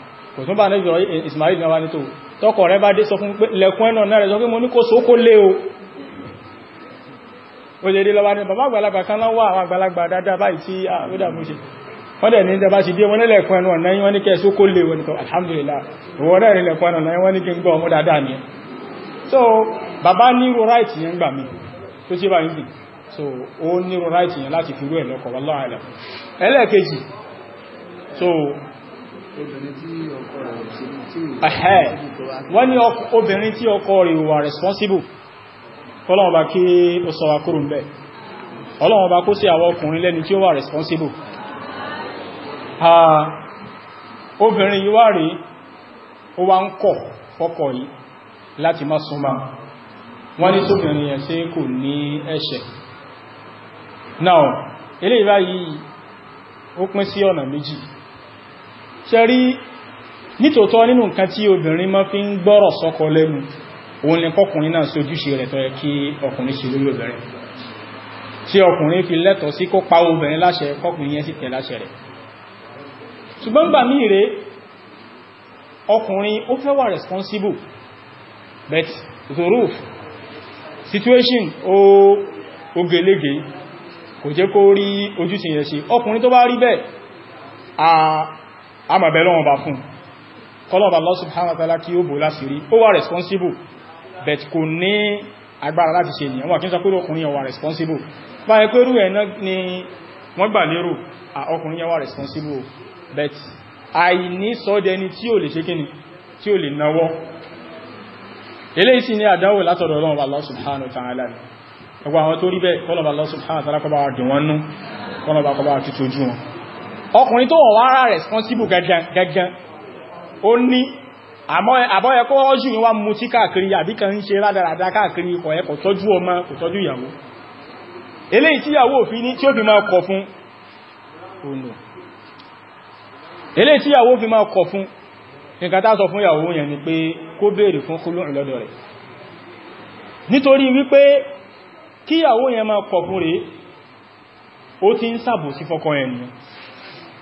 kò tún bá ní ìjọ Ismail náà wá ní tó tọ́kọ̀ rẹ bá dé sọ fún lẹ́kún ẹ̀nà náà rẹ̀ sọ pé mo ní kó sókó lé o ó lè dé lọ́wọ́ ní bàbá àgbàlagbà kan láwọ́ àwọn àgbàlagbà dáadáa báyìí tí àwọ́dà mú ṣe wọ́n dẹ̀ ní ìjọba ti dé wọn nílẹ̀kún ẹ̀nà náà wọ́n ní kẹ́ sókó lé wọn nìkan alhamdulillah ìwọ náà rí lẹ̀kún ẹ̀nà náà wọ́n ní kí n gbọ́ ọmọ dáadáa ni so bàbá nírò ráìtì yẹn gbà mí tó ṣe bá ń bì so ó nírò wọ́n ní obìnrin tí ọkọ rẹ̀ wà responsible ọlọ́wọ́n bá kí ó sọ akúrò ń bẹ̀ ọlọ́wọ́n bá kó sí àwọn ọkùnrin lẹ́ni tí ó wà responsible obìnrin yìí wà rí ó wá ń kọ̀ fọ́kọ yìí láti má súnmọ́ wọ́n ní tóbìnrin yẹn sí kò ní ẹ̀ṣẹ̀ now ilé eléyìí yìí ó pín sí ọ̀nà méjì ṣẹ́rí nítòótọ́ nínú nǹkan tí obìnrin máa fi ń gbọ́rọ̀ sọ́kọ lẹ́nu òun ni kọkùnrin náà sí ojúṣe rẹ̀ tó yẹ kí ọkùnrin ṣe lórí obìnrin tí ọkùnrin fi lẹ́tọ̀ọ́ sí kó pa obìnrin láṣẹ kọkùnrin yẹn sì tẹ̀ láṣẹ rẹ̀ ṣùgbọ́n gbà míì rèé ọkùnrin ó fẹ́ wà responsible but the roof situation ó ogelege kò jẹ́ kó rí ojúṣe yẹn ṣe ọkùnrin tó bá rí bẹ́ẹ̀ a ma bẹ̀lọ́ wọn fún kọlọ̀bà Allah subhanahu wa ta'ala kí ó bò láṣìírí ó wà responsible bet kò ní agbára láti ṣe ènìyàn wọ́n kí n sọ pé ọkùnrin yẹn wà responsible bá ẹ pé rú ẹ̀ náà ni wọ́n gbà lérò ọkùnrin yẹn wà responsible bet àìní sọ́dẹni tí ò lè ṣe kíni tí ò lè náwọ́ eléyìí sì ni àdáwò látọ̀dọ̀ ọlọ́run Allah subhanahu wa ta'ala ẹgbà àwọn tó rí bẹ́ẹ̀ kọlọ̀bà Allah subhanahu wa ta'ala kọba àdùn wọn nú kọlọ̀bà kọba àtútù wọn ọkùnrin tó wọ̀n wára responsible gẹ́gẹ́ ó ní àbọ́yẹ kó wọ́n jù ní wá mú tí káàkiri àbí kan ń ṣe rádaràdá káàkiri kò yẹ kò tọ́jú ọmọ kò tọ́jú ìyàwó eléyìí tí ìyàwó òfin ní tí ó fi máa kọ̀ fún ònà eléyìí tí ìyàwó fi máa kọ̀ fún nǹkan tá sọ fún ìyàwó ni kí ìyàwó yẹn máa kọ̀ fún rèé ó ti ń ṣàbòsí fọ́kọ yẹn nìyẹn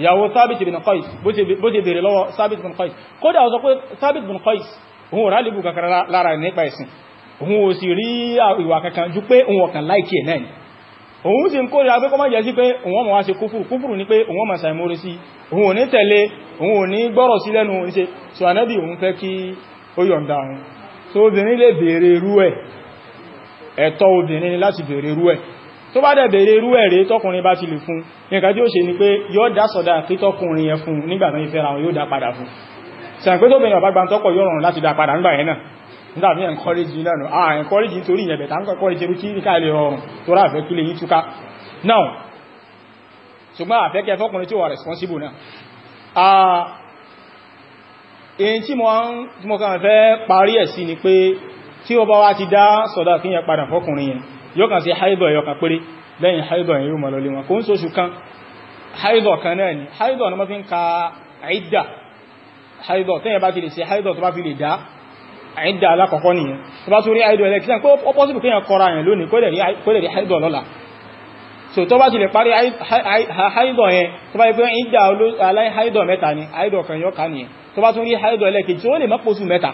ìyàwó sábìtì bin Qais bó ti bèèrè lọ́wọ́ sábìtì bin Qais kódà ó sọ pé sábìtì bin Qais òun ò rálìbù kankan lára nípa ẹ̀sìn òun ò sì rí ìwà kankan ju pé òun ọ̀kan láìkí ẹ̀ náà òun sì ń kó ìrà pé jẹ́ sí pé òun ọmọ wá ṣe kúfùrù kúfùrù ní pé òun ọmọ sàìmórí sí òun ò ní tẹ̀lé òun ò ní gbọ́rọ̀ sí lẹ́nu tó bá dẹ̀ bèèrè irú ẹ̀rẹ́ tọkùnrin bá ti lè fún nǹkan tí ó ṣe ni pé yóò dá sọ̀dá kí tọkùnrin yẹn fún nígbà tó ìfẹ́ ra wọn yóò dá padà fún sẹ̀pẹ́ tó ah encourage nítorí ìyẹn bẹ̀tà ń encourage irú kí níkà ilẹ̀ rọrùn tó rà fẹ́ kílẹ̀ yìí túká now ṣùgbọ́n tí ó ah èyí tí mo kàn fẹ́ parí ẹ̀ sí ni pé tí ó bá wá ti dá sọ̀dá kí padà fọkùnrin yẹn yọ́kàn sí haidọ̀ ẹ̀yọkàn péré lẹ́yìn haidọ̀ ẹ̀yìn rúmọ̀ lọlé wọn kò ń sóṣù kan haidọ̀ kan náà ni haidọ̀ ni wọ́n fi ń ka àìdà haidọ̀ tẹ́yẹ̀ bá ti lè ṣe haidọ̀ tó bá fi lè dá àìdà alákọ̀ọ́kọ́ nìyẹn tó bá tún rí haidọ̀ ẹlẹ́kìtàn pé ó pọ́sibù kéèyàn kọra yẹn lónìí kó lè rí haidọ̀ lọ́la so tó bá ti lè parí haidọ̀ yẹn tó bá yẹ pé ìdà aláì haidọ̀ mẹ́ta ni haidọ̀ tún rí haidọ̀ ẹlẹ́kejì ó lè mọ́pọ̀sù mẹ́ta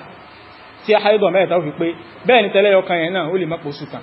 tí haidọ̀ mẹ́ta ó fi pé bẹ́ẹ̀ ni tẹ́lẹ̀ yọkan yẹn náà ó lè mọ́pọ̀sù kan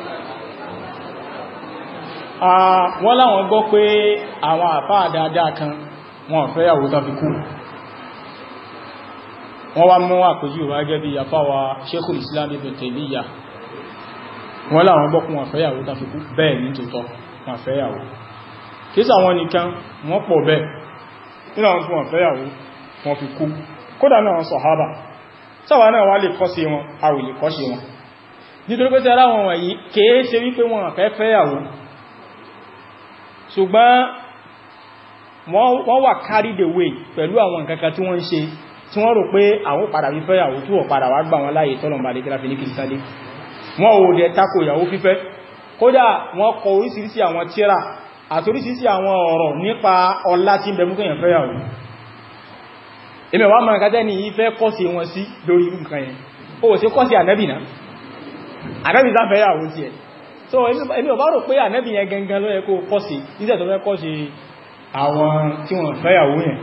wọ́n láwọn gbọ́ pé àwọn àfáà dáadáa kan wọn fẹ́ yàwó tán fi kú wọ́n wá mú àpèjú wá gẹ́gẹ́ bí àfáwà Sheikhul Islam Ibn Taymiyyah wọ́n láwọn gbọ́ pé wọn fẹ́ yàwó tán fi kú bẹ́ẹ̀ ní tòótọ́ wọn fẹ́ yàwó kísà wọn nìkan wọ́n pọ̀ bẹ́ẹ̀ nínú àwọn tí wọn fẹ́ yàwó wọn fi kú kódà náà sọ̀hábà sáwà náà wá lè kọ́ sí wọn a ò lè kọ́ sí wọn nítorí pé tí ara wọn wọ̀nyí kèé ṣe wípé wọn fẹ́ fẹ́ yàwó ṣùgbọ́n wọ́n wà carried away pẹ̀lú àwọn nǹkan kan tí wọ́n ń ṣe tí wọ́n rò pé àwọn padà fífẹ́ ìyàwó tí wọ́n padà wá gbà wọn láàyè tọ́lọ̀mbà lè gíra fi ní kìrìsìtàdé wọ́n ò dẹ̀ tako ìyàwó fífẹ́ kódà wọ́n kọ oríṣiríṣi àwọn tírà àti oríṣiríṣi àwọn ọ̀rọ̀ nípa ọlá tí ń bẹ múkẹ̀yàn so èmi ò bá rò pé ànábì yẹn gangan ló yẹ kó kọ́ sí nígbà tó fẹ́ kọ́ sí àwọn tí wọ́n fẹ́yàwó yẹn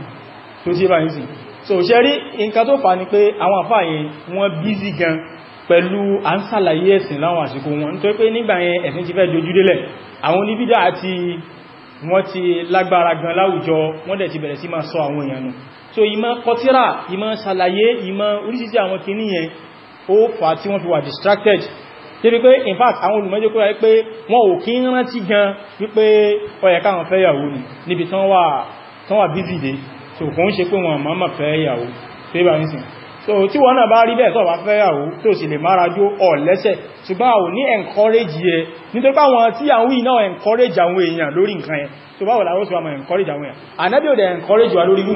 tó tí bá ń sìn so ṣe rí nǹkan tó fà ní pé àwọn àfáà yẹn wọ́n bízí gan pẹ̀lú à ń sàlàyé ẹ̀sìn láwọn àsìkò wọn nítorí pé nígbà yẹn ẹ̀sìn ti fẹ́ dojú délẹ̀ àwọn oníbídà àti wọ́n ti lágbára gan láwùjọ wọ́n dẹ̀ ti bẹ̀rẹ̀ sí máa sọ àwọn èèyàn nù so ìmọ̀ kọtíra ìmọ̀ sàlàyé ìmọ̀ oríṣiríṣi àwọn kìíní yẹn ó fà tí wọ́n fi wà distracted débi pé in fact àwọn olùmọ́jẹ́ kúrò pé wọn ò kí ń rántí gan wípé ó káwọn fẹ́ yàwó ni níbi tán wà tán wà bízì dé so kò ń ṣe pé wọn màmá fẹ́ yàwó fẹ́ bá ń sìn so tí wọ́n náà bá rí bẹ́ẹ̀ tó bá fẹ́ yàwó tó sì lè mára jó ọ̀ lẹ́sẹ̀ ṣùgbọ́n encourage yẹ nítorí pé àwọn tí encourage àwọn èèyàn lórí nǹkan yẹn tó báwọ̀ làwọn sì encourage àwọn èèyàn ànábì ò encourage wa lórí irú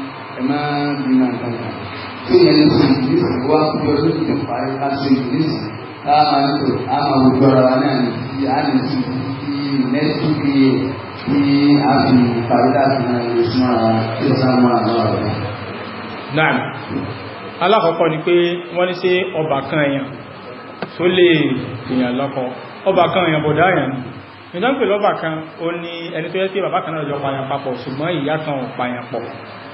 ẹ má bí náà kankan tí ìyẹn ní sùn ní sùn wá yọ lójú ní parí láti ní sùn tá a máa ń tò a máa wù gbọ́dọ̀ wa náà ní kí a ní sùn kí nẹ́tù bí kí a fi parí láti náà lè sún ara tí ó sáà máa náà rẹ̀. náà alákọ̀ọ́kọ́ ni pé wọ́n ní sí ọba kan èèyàn tó lè èèyàn lọ́kọ ọba kan èèyàn bọ̀dá èèyàn ni ìjọ́ ń pè lọ́bà kan ó ní ẹni tó yẹ pé bàbá kan náà jọ pààyàn papọ̀ ṣùgbọ́n ìyá kan ò pààyàn pọ̀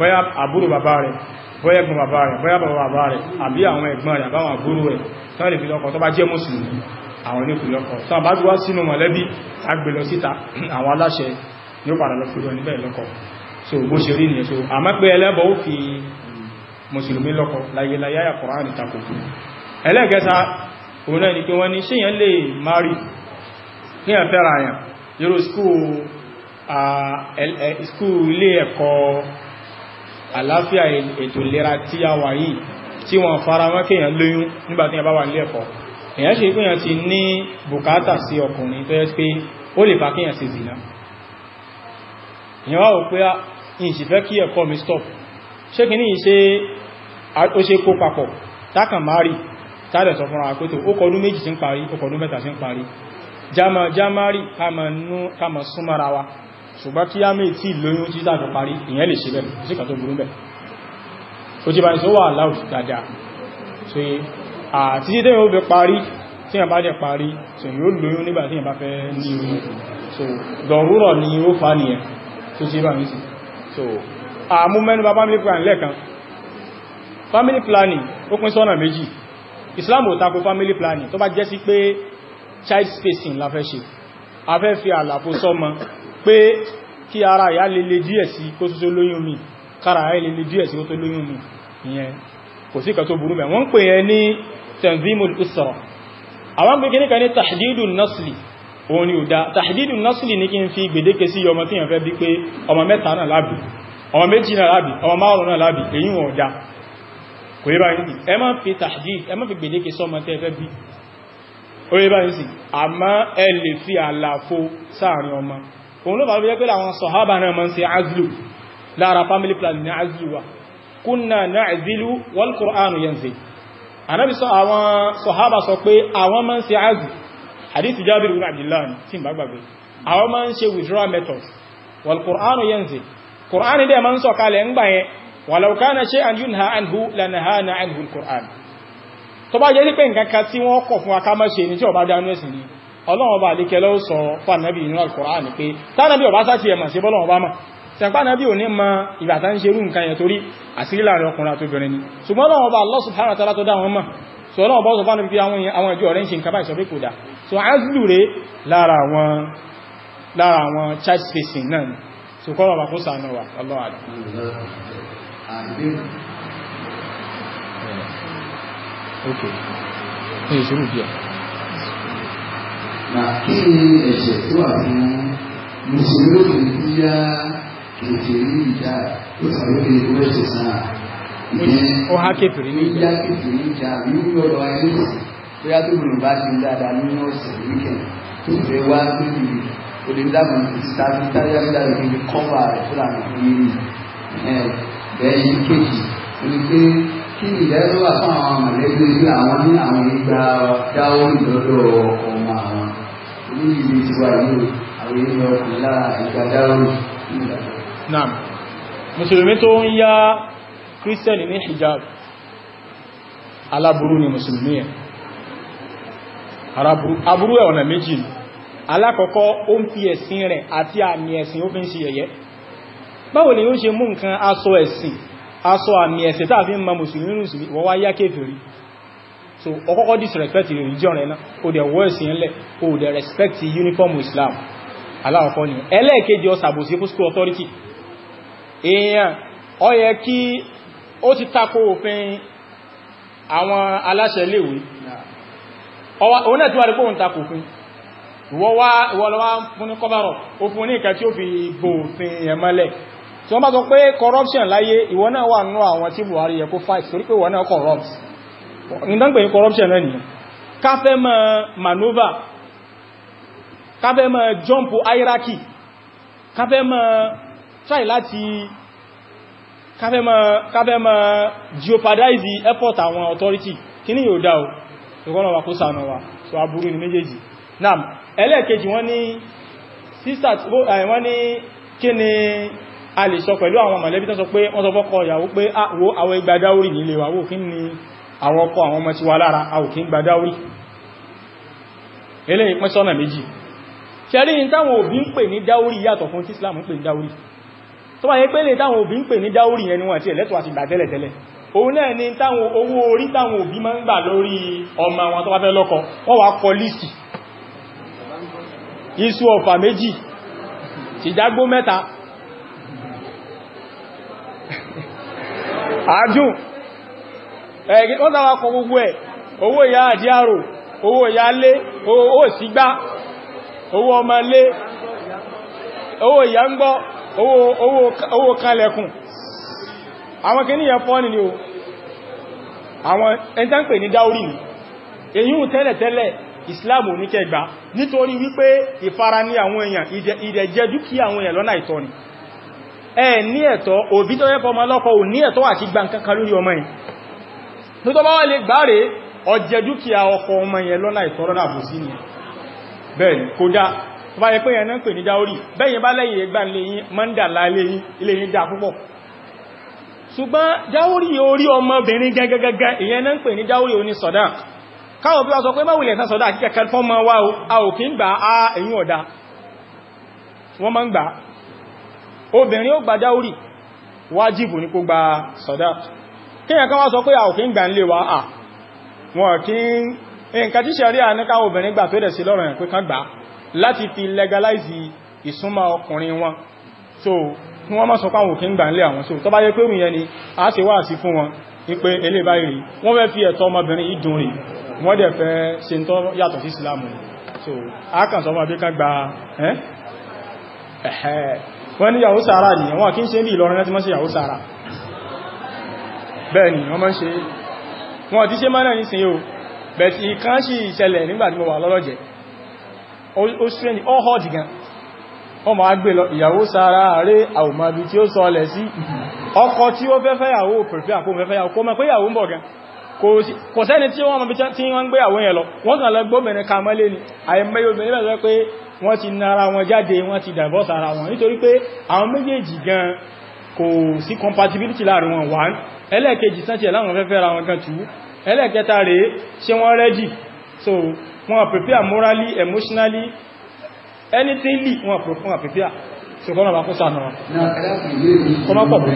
bóyá àbúrò bàbá rẹ̀ bóyá ẹ̀gbọ́n bàbá rẹ̀ bóyá bàbá bàbá rẹ̀ àbí àwọn ẹ̀gbọ́n rẹ̀ àbáwọn àbúrò rẹ̀ tán lè fi lọ́kọ tó bá jẹ́ mùsùlùmí àwọn ní ìpìlọ́kọ̀ tó bá ti wá sínú mọ̀lẹ́bí agbè lọ síta àwọn aláṣẹ yóò padà lọ so bó ṣe rí nìyẹn so àmọ́ pé ẹlẹ́bọ̀ ó fi mùsùlùmí lọ́kọ láyélayá Kùránì ìtakò ni pé wọ́n ní ṣíyàn lè mari ní àlàáfíà ètò ìlera tí a wà yìí tí wọ́n fara wọn kéèyàn lóyún nígbà tí a bá wà nílé ẹ̀kọ́ èyàn ṣe pé èyàn ti ní bùkátà sí ọkùnrin tó yẹ pé ó lè fa kéèyàn ṣe zìnà èyàn wá wò pé ìṣì ah, fẹ́ kí ẹ̀kọ́ mi stop ṣé kí ní ìṣe ó ṣe kó papọ̀ tákàn má rí tàbí sọ fúnra pé tó ó kọdún méjì sí ń parí ó kọdún mẹ́ta sí ń parí jámà jámà rí ká mọ̀ súnmọ́ra wa ṣùgbọ́n kí á mẹ́ tí lóyún tí láti parí ìyẹn lè ṣe bẹ̀rẹ̀ sí kàtó burú bẹ̀ ó ti bá ní tó wà láwù dáadáa ṣe àti tí tẹ́yìn ó bẹ parí tí yẹn bá jẹ parí tí yóò lóyún nígbà tí yẹn bá fẹ́ ní oyún ni ó fa nìyẹn tó ti so àmú mẹ́nu bá family family planning ó pín Islam ò tako family planning tó child spacing la fẹ́ ṣe a fẹ́ fi àlàfo sọ́mọ pé kí ara ìyá lè lè díẹ̀ sí kó tó lóyún mi kára ìyá lè lè díẹ̀ sí kó tó lóyún mi ìyẹn kò sí kàtó burú mẹ́ wọ́n pè ẹ ní tanzimul usra àwọn pé kíní ní tahdidun nasli òun ni ò dá tahdidun nasli ní kí n fi gbèdéke sí ọmọ tí yàn fẹ́ bí pé ọmọ mẹ́ta náà lábì ọmọ méjì náà lábì ọmọ márùn náà lábì èyí wọn ò dá kò yíba yìí ẹ má fi tahdid ẹ má fi gbèdéke sọmọ tẹ́ fẹ́ bí ó yíba yìí sí àmọ́ ẹ lè fi àlàfo sáàrin ọmọ òun ló bàbá pẹ́lú àwọn sọ̀hábà náà ma ń ṣe azlu lára family plan ní azlu wa kúnnà na'zilu wal Qur'anu yanzil anábi sọ àwọn sọ̀hábà sọ pé àwọn ma ń ṣe azlu hadithu Jabir ibn Abdullah tí n bá gbàgbé àwọn ma ń ṣe withdrawal method wal Qur'anu yanzil Qur'ani dẹ̀ ma ń sọ kalẹ̀ ń gbà yẹn walau kana shay'an yunha anhu lanahana anhu al-Qur'an tó bá jẹ́ ní pé nǹkan kan tí wọ́n kọ̀ fún akámọ́ṣe ní tí ọba dánú ẹ̀sìn ni ọlọ́wọ́ bá àlékẹ́ lọ́wọ́ sọ fànàbí inú al-Qur'an pé tánàbí ọba sáti ẹ̀mà sí bọ́lọ́wọ́ bá máa tẹ̀pá nàbí ò ní ma ìbàtà ń ṣerú nǹkan yẹ torí àsírí láàrin ọkùnrin àti obìnrin ni ṣùgbọ́n ọlọ́wọ́ bá Allah subhanahu wa ta'ala tó dá wọn mọ̀ so ọlọ́wọ́ bá sọ fánàbí bí àwọn ìjọ rẹ̀ ń ṣe nǹkan báyìí sọ pé kò dá so azlu rẹ̀ lára àwọn church spacing náà ni so kọ́lọ̀ bá kó sànà wà ọlọ́wọ́ àdá Okay. Hey, it's na kí ni ẹ̀ṣẹ̀ tó wà fún mùsùlùmí bíyá kìtìrì ìjà ó sàlókè ìlú ẹ̀ṣẹ̀ sáà ìyẹn ó há kìtìrì ní ìjà kìtìrì ìjà yóò lọ́dọ̀ ayé lọ́sẹ̀ tó yá tó gbìyànjú bá ti dáadáa ní ọ̀sẹ̀ wíkẹ̀ tó fẹ́ wá níbi olùdámọ̀ ìsàbí táyájá ìbí kọ́wà rẹ̀ tó lànà fún yìí bẹ́ẹ̀ kejì ní pé kí ìdájọ́ wà fún àwọn mọ̀lẹ́bí àwọn ní àwọn ìgbà dáwọ́ ìdọ́dọ̀ ọmọ àwọn ní ìlú ti wà ní àwọn ènìyàn ọkùnrin lára ìgbàdáwò náà mùsùlùmí tó ń yá kírísítẹ̀nì ní hijab aláburú ni mùsùlùmí ẹ̀ aburú ẹ̀ ọ̀nà méjì ni alákọ̀ọ́kọ́ ó ń fi ẹ̀sìn rẹ̀ àti àmì ẹ̀sìn ó fi ń ṣe yẹ̀yẹ́ báwo lè yóò ṣe mú nǹkan aṣọ ẹ̀sìn aṣọ àmì ẹ̀sìn tàbí ma mùsùlùmí so ọkọ́kọ́ disrespect religion rẹ̀ náà o dẹ̀ wọ́ ẹ̀sìn ńlẹ̀ o dẹ̀ respect uniform Islam aláwọ̀kọ́ ni ẹlẹ́ẹ̀kejì ọ ṣàbòsí fún school authority èèyàn ó yẹ kí ó ti tako òfin àwọn aláṣẹ léèwé òun náà tí wà rí pé òun tako òfin wọ́n wá fún ní kọ́bárọ̀ ó fún ní ìkà tí ó fi corruption láyé ìwọ náà wà nínú àwọn Buhari yẹ fight torí pé ìwọ náà ìdáǹgbẹ̀ yìí corruption náà nìyàn káfẹ́ mọ́ maneuver káfẹ́ mọ́ jump hierarchy káfẹ́ mọ́ try láti káfẹ́ mọ́ káfẹ́ mọ́ jeopardize effort àwọn authority kí ní yóò dá o ìkọ́nà wà kó sànà wà so aburú ni méjèèjì náà ẹlẹ́ẹ̀kejì wọ́n ní sísà eh, wọ́n ní kí ni a lè sọ pẹ̀lú àwọn mọ̀lẹ́bí tán sọ pé wọ́n sọ fọ́kọ ìyàwó pé ah, àwọn ìgbàdáwórì nílé wa wò kí ni àwọn ọkọ àwọn ọmọ ti wà lára a ò kí ń gba dáwí eléyìí pín sọ́nà méjì ṣẹ́rí ní táwọn òbí ń pè ní dáwórí yàtọ̀ fún tí Islam ń pè ní dáwórí tó bá yẹ pé lè táwọn òbí ń pè ní dáwórí ẹni wọn àti ẹ̀lẹ́tọ̀ àti ìgbà tẹ́lẹ̀tẹ́lẹ̀ òun náà ni táwọn owó orí táwọn òbí máa ń gbà lórí ọmọ wọn tó bá fẹ́ lọ́kọ wọ́n wá kọ líìsì iṣu ọ̀fà ẹ̀gẹ́ wọ́n tàbí akọ gbogbo ẹ̀ owó ìyá àdíàrò owó ìyá lé owó sígbá owó ọmọ lé owó ìyá ń gbọ́ owó kalẹ̀kùn àwọn kìí o àwọn ẹntánpè ní dáórí ni èyí tẹ́lẹ̀tẹ́lẹ̀ ìsìláàmù ní kẹgbà nítorí wípé ìfara ní àwọn èèyàn ìdẹ̀jẹ́ dúkìá àwọn èèyàn lọ́nà ni ẹ ní ẹ̀tọ́ òbí tó yẹ fọmọ ní ẹ̀tọ́ àti eto lórí ọmọ tó tọ́ bá wà lè gbáre ọjẹ dúkìá ọkọ ọmọ yẹn lọ́nà ìtọ́rọ́nà àbòsí ni bẹ́ẹ̀ kò dá tó bá yẹ pé yẹn náà pè ní dáórì bẹ́yìn bá lẹ́yìn ẹgbà lẹ́yìn mọ́ndàlá lẹ́yìn dá púpọ̀ ṣùgbọ́n dáórì orí ọmọbìnrin gẹ́gẹ́gẹ́gẹ́ ìyẹn náà pè ní dáórì oní sọ̀dá káwọn bí wọ́n sọ pé mọ́wìlẹ̀ sá sọ̀dá kíkẹ́kẹ́ fọ́n mọ́ wá a ò kó gba sọ̀dá kíyàn kan wá sọ pé àwòkí ń gbà ń lè wá à wọn kí nǹkan tí ṣẹ̀rí àníká obìnrin gbà tó dẹ̀ sí lọ́rọ̀ pé kan gbà láti fi legalize ìsúnmọ́ ọkùnrin wọn so kí wọ́n má sọ pé àwòkí gbà ń lè àwọn so tó bá yẹ pé òun ni a ṣe wá sí fún wọn wípé elé báyìí wọ́n fẹ́ fi ẹ̀tọ́ ọmọbìnrin ìdùn rí wọ́n dẹ̀ fẹ́ ṣe ń tọ́ yàtọ̀ sí ìsìlámù so a kàn sọ ọmọbí kan gba ẹ̀ẹ́ wọ́n ní yàwó sára ni wọ́n kí ń ṣe ní Ìlọrin láti mọ́ sí yàwó sára bẹ́ẹ̀ ni wọ́n máa ń ṣe wọ́n ti ṣe máa náà nísìnyí o bẹ̀t ìkan sì ìṣẹ̀lẹ̀ nígbàtí mo wà lọ́lọ́jẹ̀ ó ṣúrẹ́ni ó họ́ dìgan ó máa gbé lọ ìyàwó sára rẹ̀ àwòmábi tí ó sọ ọlẹ̀ sí ọkọ tí ó fẹ́ fẹ́yàwó pẹ̀fẹ́ àpò mẹ́fẹ́yàwó kó mẹ́ pé yàwó ń bọ̀ gan kò sẹ́ni tí wọ́n mọ̀bí tí wọ́n ń gbé àwọn yẹn lọ wọ́n tàn lọ àwọn méjèèjì gan kò sí compatibility láàrin wọn wà ẹlẹ́ẹ̀kejì sáńtì ẹ̀ láwọn fẹ́fẹ́ ra wọn kan tú ẹlẹ́ẹ̀kẹta rèé ṣé wọ́n ready so wọ́n prepare morally emotionally anything lì wọ́n prepare so kọ́nà bá kó sànà wọn kọ́nà pọ̀ eh,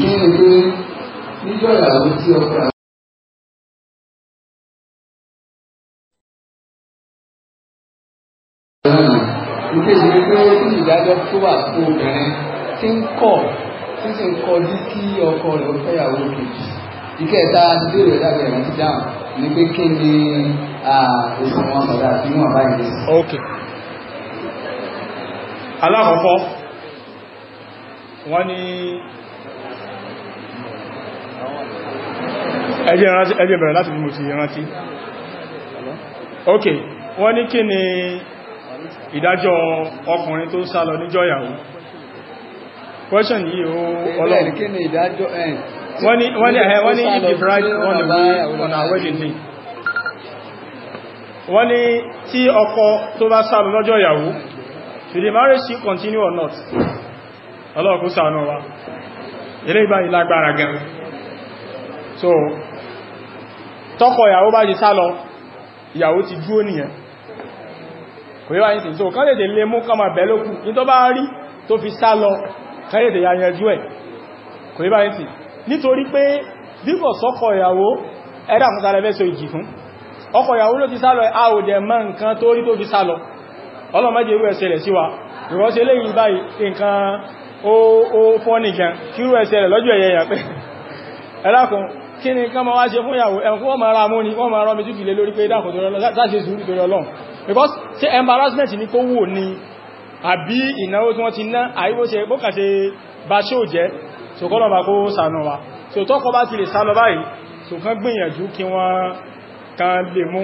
pẹ̀lú uh, ìjọ́ ìyàwó ìkejì ni pé kí ìdájọ́ tó wà fún obìnrin tí ń kọ̀ tí sì ń kọjú kí ọkọ rẹ̀ ó fẹ́yàwó kejì ìkẹta dídé rẹ̀ dàgbà ẹ̀rọ ti dáhùn ni pé kí ni òsùn wọn padà sí wọn báyìí. ok alákọ̀ọ́kọ́ wọ́n ní ẹjẹ́ bẹ̀rẹ̀ láti bí mo ti rántí ok wọ́n ní kí ni ìdájọ́ ọkùnrin tó ń sá lọ níjọ́ ìyàwó question yìí ó ọlọ́run wọ́n ní wọ́n ní if the bride on her wedding day wọ́n ní tí ọkọ tó bá sá lọ lọ́jọ́ ìyàwó should the marriage still continue or not ọlọ́run kó ṣàánú wa ilé ìbáyìí lágbára gan so tọ́kọ ìyàwó bá ti sá lọ ìyàwó ti dúó nìyẹn kò yíwá ìsìn so kán lè tè lè mú kọmà bẹ̀lókù ní tó bá rí tó fi sá lọ kán lè tè ya yanjú ẹ̀ kò yíwá ìsìn nítorí pé dípò sọ́kọ ìyàwó ẹ̀dà fún sálẹ̀ fẹ́sọ ìjì fún ọkọ ìyàwó ló ti sá lọ a ò dẹ̀ mọ́ nǹkan tó rí tó fi sá lọ ọlọ́mọdé irú ẹsẹ̀ rẹ̀ sí wa ìrọ́sẹ̀ lẹ́yìn báyìí nǹkan ó fọ́ nìkan kí irú ẹsẹ̀ rẹ̀ lọ́jọ́ ẹ̀yẹ yàpẹ́ ẹ̀lákùn kí ni kán ma wá ṣe fún ìyàwó ẹ̀kún wọ́n ma ra mú ni wọ́n ma rọ́ mi jùkìlẹ̀ lórí pé dákùn tó because ṣe embarrassment ni kó wò ní àbí ìnáwó tí wọ́n ti ná àyíwó ṣe bó kàṣe bá ṣe ò jẹ́ so kọ́nà bá kó sànà wa so tọ́kọ bá ti lè sá lọ so kán gbìyànjú kí wọ́n kan lè mú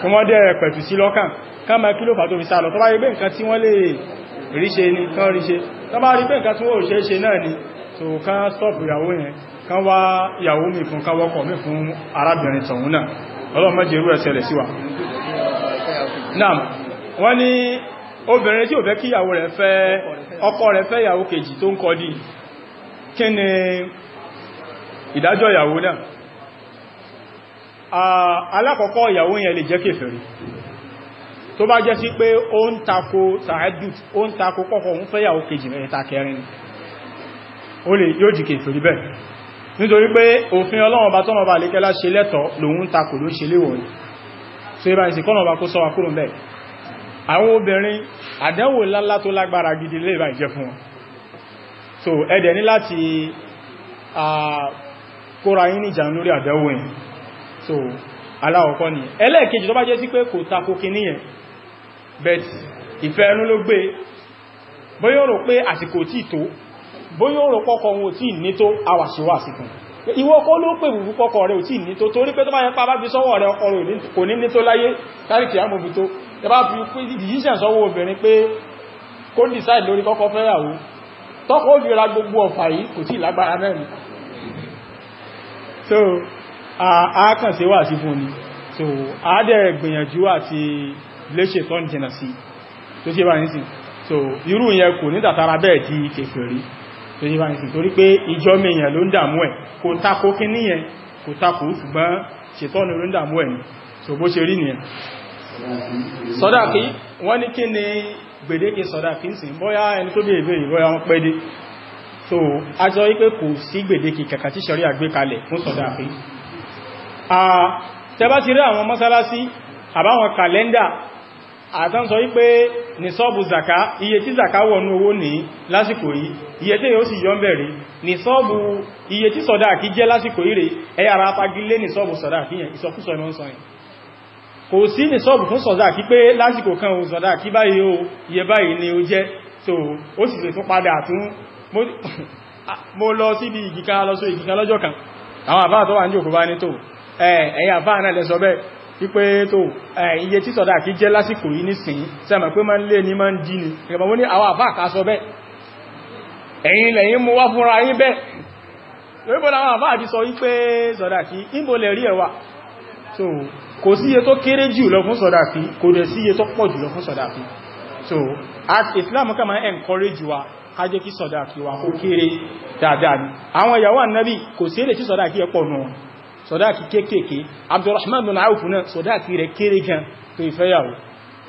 kí wọ́n dẹ̀ pẹ̀tù sí lọ́kàn kán máa kí ló fà tó fi sá lọ tó bá rí pé nǹkan tí wọ́n lè rí ni kán rí ṣe tó bá rí pé nǹkan tí wọ́n ò ṣe ṣe náà ni so kán stop ìyàwó yẹn kán wá ìyàwó mi fún kán wọ́kọ̀ mi fún arábìnrin tọ̀hún náà ọlọ́mọ jẹ́rú ẹ̀ṣẹ̀lẹ̀ sí wa naam wọ́n ní obìnrin tí ò fẹ́ kí ìyàwó rẹ̀ fẹ́ ọkọ rẹ̀ fẹ́ ìyàwó kejì tó ń kọ́ dì kí ni ìdájọ́ ìyàwó náà alákọ̀ọ́kọ́ ìyàwó yẹn lè jẹ́ kèfèrí tó bá jẹ́ sí pé ó ń tako sàádùt ó ń tako kọ́kọ́ ń fẹ́ ìyàwó kejì mẹ́ta kẹrin ó lè yóò di kèfèrí bẹ́ẹ̀ nítorí pé òfin Ọlọ́run bá tọ́nà bá lékẹ́lá ṣe lẹ́tọ̀ọ́ lòun tako ló ṣe léwọ̀n so ibá ìsìn kọ́nà ọba kó sọ wa kúrò bẹ́ẹ̀ àwọn obìnrin àdánwò lálá tó lágbára gidi lè bá ìjẹ fún wọn so ẹ̀dẹ̀ ní láti kóra yín níjà lórí àdánwò yẹn so aláwọ̀kọ́ ni ẹlẹ́ẹ̀kejì tó bá jẹ́ sí pé kò tako kinní yẹn bet ìfẹ́ ẹnu ló gbé bóyá ìwọ kọ́ ló pè wù pọ́kọ̀ rẹ̀ ò tí ní tó torí pé tó bá yẹn pa bá fi sọ́wọ́ rẹ̀ ọkọ̀ rẹ̀ kò ní ní tó láyé káríkì àmòbí tó ẹbá fi decision sọ́wọ́ obìnrin pé kó decide lórí kọ́kọ́ fẹ́yàwó tọ́kọ́ fi ra gbogbo ọ̀fà yìí a kàn sí wà sí a dẹ̀ gbìyànjú àti léṣe tọ́ jìnà sí tó ṣe bá ní sí so irú ìyẹn kò tó yí báyìí torí pé ìjọ mẹ́yàn ló ń dàmú ẹ̀ kò takò kí níyẹn kò takò ṣùgbọ́n ṣètọ́nù ló ń dàmú ẹ̀ so bó ṣe rí nìyẹn sọ́dáàkì wọ́n ní kí ni gbèdéke sọ́dáàkì ń sìn bóyá ẹni tó bèèrè bóyá wọ́n pẹ́dé a jọ wípé kò sí gbèdéke kàkà àtàn sọ wípé ní sọ́ọ̀bù zaka iye tí zaka wọnú owó ní lásìkò yìí iye tí yóò sì yọ mẹ́rin ní sọ́ọ̀bù iye tí sọ́dá àkí jẹ́ lásìkò ire ẹ̀yà ara apagilé ní sọ́ọ̀bù sọ́dá àkí yẹn ìsọkúsọ ìmọ̀ sọ yẹn kò sí ní sọ́ọ̀bù fún sọ́dá àkí pé lásìkò kan ò sọ́dá àkí báyìí ó iye báyìí ni ó so ó sì lè tún padà tún mo (laughs) lọ síbi ìgìkan lọ́sọ ìgìkan lọ́jọ́ kan àwọn àbá àtọ́wà ń jòkó bá ní tó ẹ̀yà wípé tó iye tí sọ̀dá kí jẹ́ lásìkò yìí nísìnyí sẹ́mọ̀ pé máa ń lé ní máa ń dí ni ìrọ̀mọ̀ wọ́n ní àwọn àfáà ká sọ bẹ́ẹ̀ ẹ̀yin lẹ́yìn mú wá fúnra yín bẹ́ẹ̀ lórípò láwọn sọ wípé sọ̀dá kí so kò sí iye tó kéré jù lọ fún sọ̀dá kí kò dẹ̀ so at Islam kà encourage wa ká jẹ́ kí sọ̀dá kí wa kó kéré dáadáa ni àwọn ìyàwó ànábì kò sọ̀dáàkì kéèkéèké Abdurrahman bin Auf náà sọ̀dáàkì rẹ̀ kéré gan tó ìfẹ́yàwó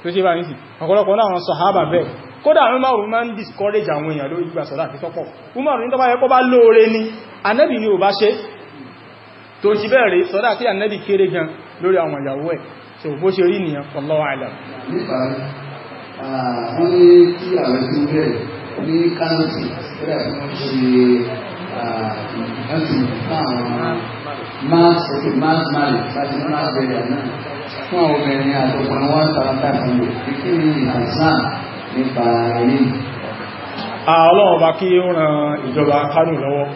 tó ṣe bá nísì ọ̀pọ̀lọpọ̀ náà wọn sọ̀hábà bẹ́ẹ̀ kódà Umaru máa ń discourage àwọn èèyàn lórí gbígbà sọ̀dáàkì tọ́pọ̀ Umaru ní tọ́bá yẹ kó bá lóore ní anẹ́bì ni ò bá ṣe tó ti bẹ́ẹ̀rẹ̀ sọ̀dáàkì anẹ́bì kéré gan lórí àwọn ìyàwó ẹ̀ tó bó ṣe rí nìyàn àwọn mass ok mass marriage láti ní mass burial náà fún àwọn obìnrin àtọkùnrin wọn tara tá ìfúnlẹ kí ni àìsàn nípa ẹni. ọlọ́run bá kí ó ran ìjọba kánù lọ́wọ́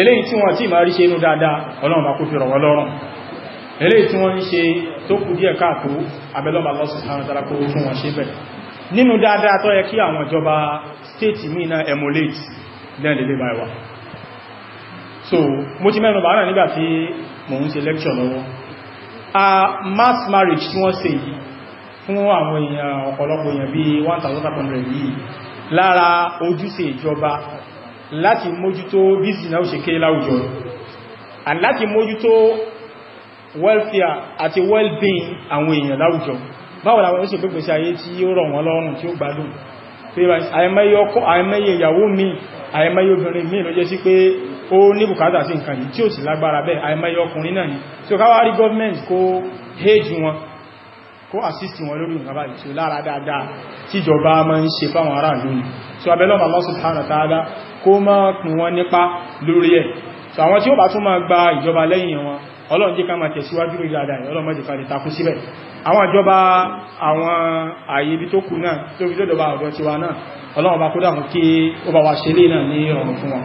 eléyìí tí wọ́n tí máa rí ṣe inú dáadáa ọlọ́run bá kó fi rọ̀ wọ́n lọ́rùn eléyìí tí wọ́n ń ṣe tó kù díẹ̀ káàkó abẹ́lọ́bà lọ́sùn sáwọn tara kó fún wọn ṣe bẹ̀ nínú dáadáa tó yẹ kí àwọn ìjọba stéètì míì so mo ti mẹ́rin bàárà nígbà tí mo ń ṣe lecture lọ́wọ́ a mass marriage tí wọ́n ṣe yìí fún àwọn èèyàn ọ̀pọ̀lọpọ̀ èèyàn bí 1500 yìí lára ojúṣe ìjọba láti mójútó bíìsì náà ṣe kéré láwùjọ and láti mójútó welfare àti well-being àwọn èèyàn láwùjọ báwo làwọn oṣù pípẹ̀ sí ayé tí ó rọ̀ wọ́n lọ́rùn tí ó gbádùn àìmẹ́yẹ ìyàwó mi àìmẹ́yẹ obìnrin mi ló jẹ́ sí pé ó ní bùkátà sí nǹkan yìí tí ó sì lágbára bẹ́ẹ̀ àìmọye ọkùnrin náà ni tí ó káwàá rí gọ́ọ̀mẹ́ntì kó hejì wọn kó assist wọn lórí nǹkan báyìí tí ó lára dáadáa tí ìjọba máa ń ṣe fáwọn ará ìlú tí abẹ́lọ́mà Allah subhanahu wa ta'ala kó máa pín wọn nípa lórí ẹ̀ tí àwọn tí ó bá tún máa gba ìjọba lẹ́yìn wọn ọlọ́run jẹ́ ká máa tẹ̀síwájú rí dáadáa ọlọ́run jẹ́ ká lè takú síbẹ̀ àwọn ìjọba àwọn ààyè ibi tó kù náà tó fi tó dọ̀bà ọ̀dọ̀ tiwa náà ọlọ́run bá kó dáhùn kí ó bá wa ṣe lè náà ní ọ̀rùn fún wọn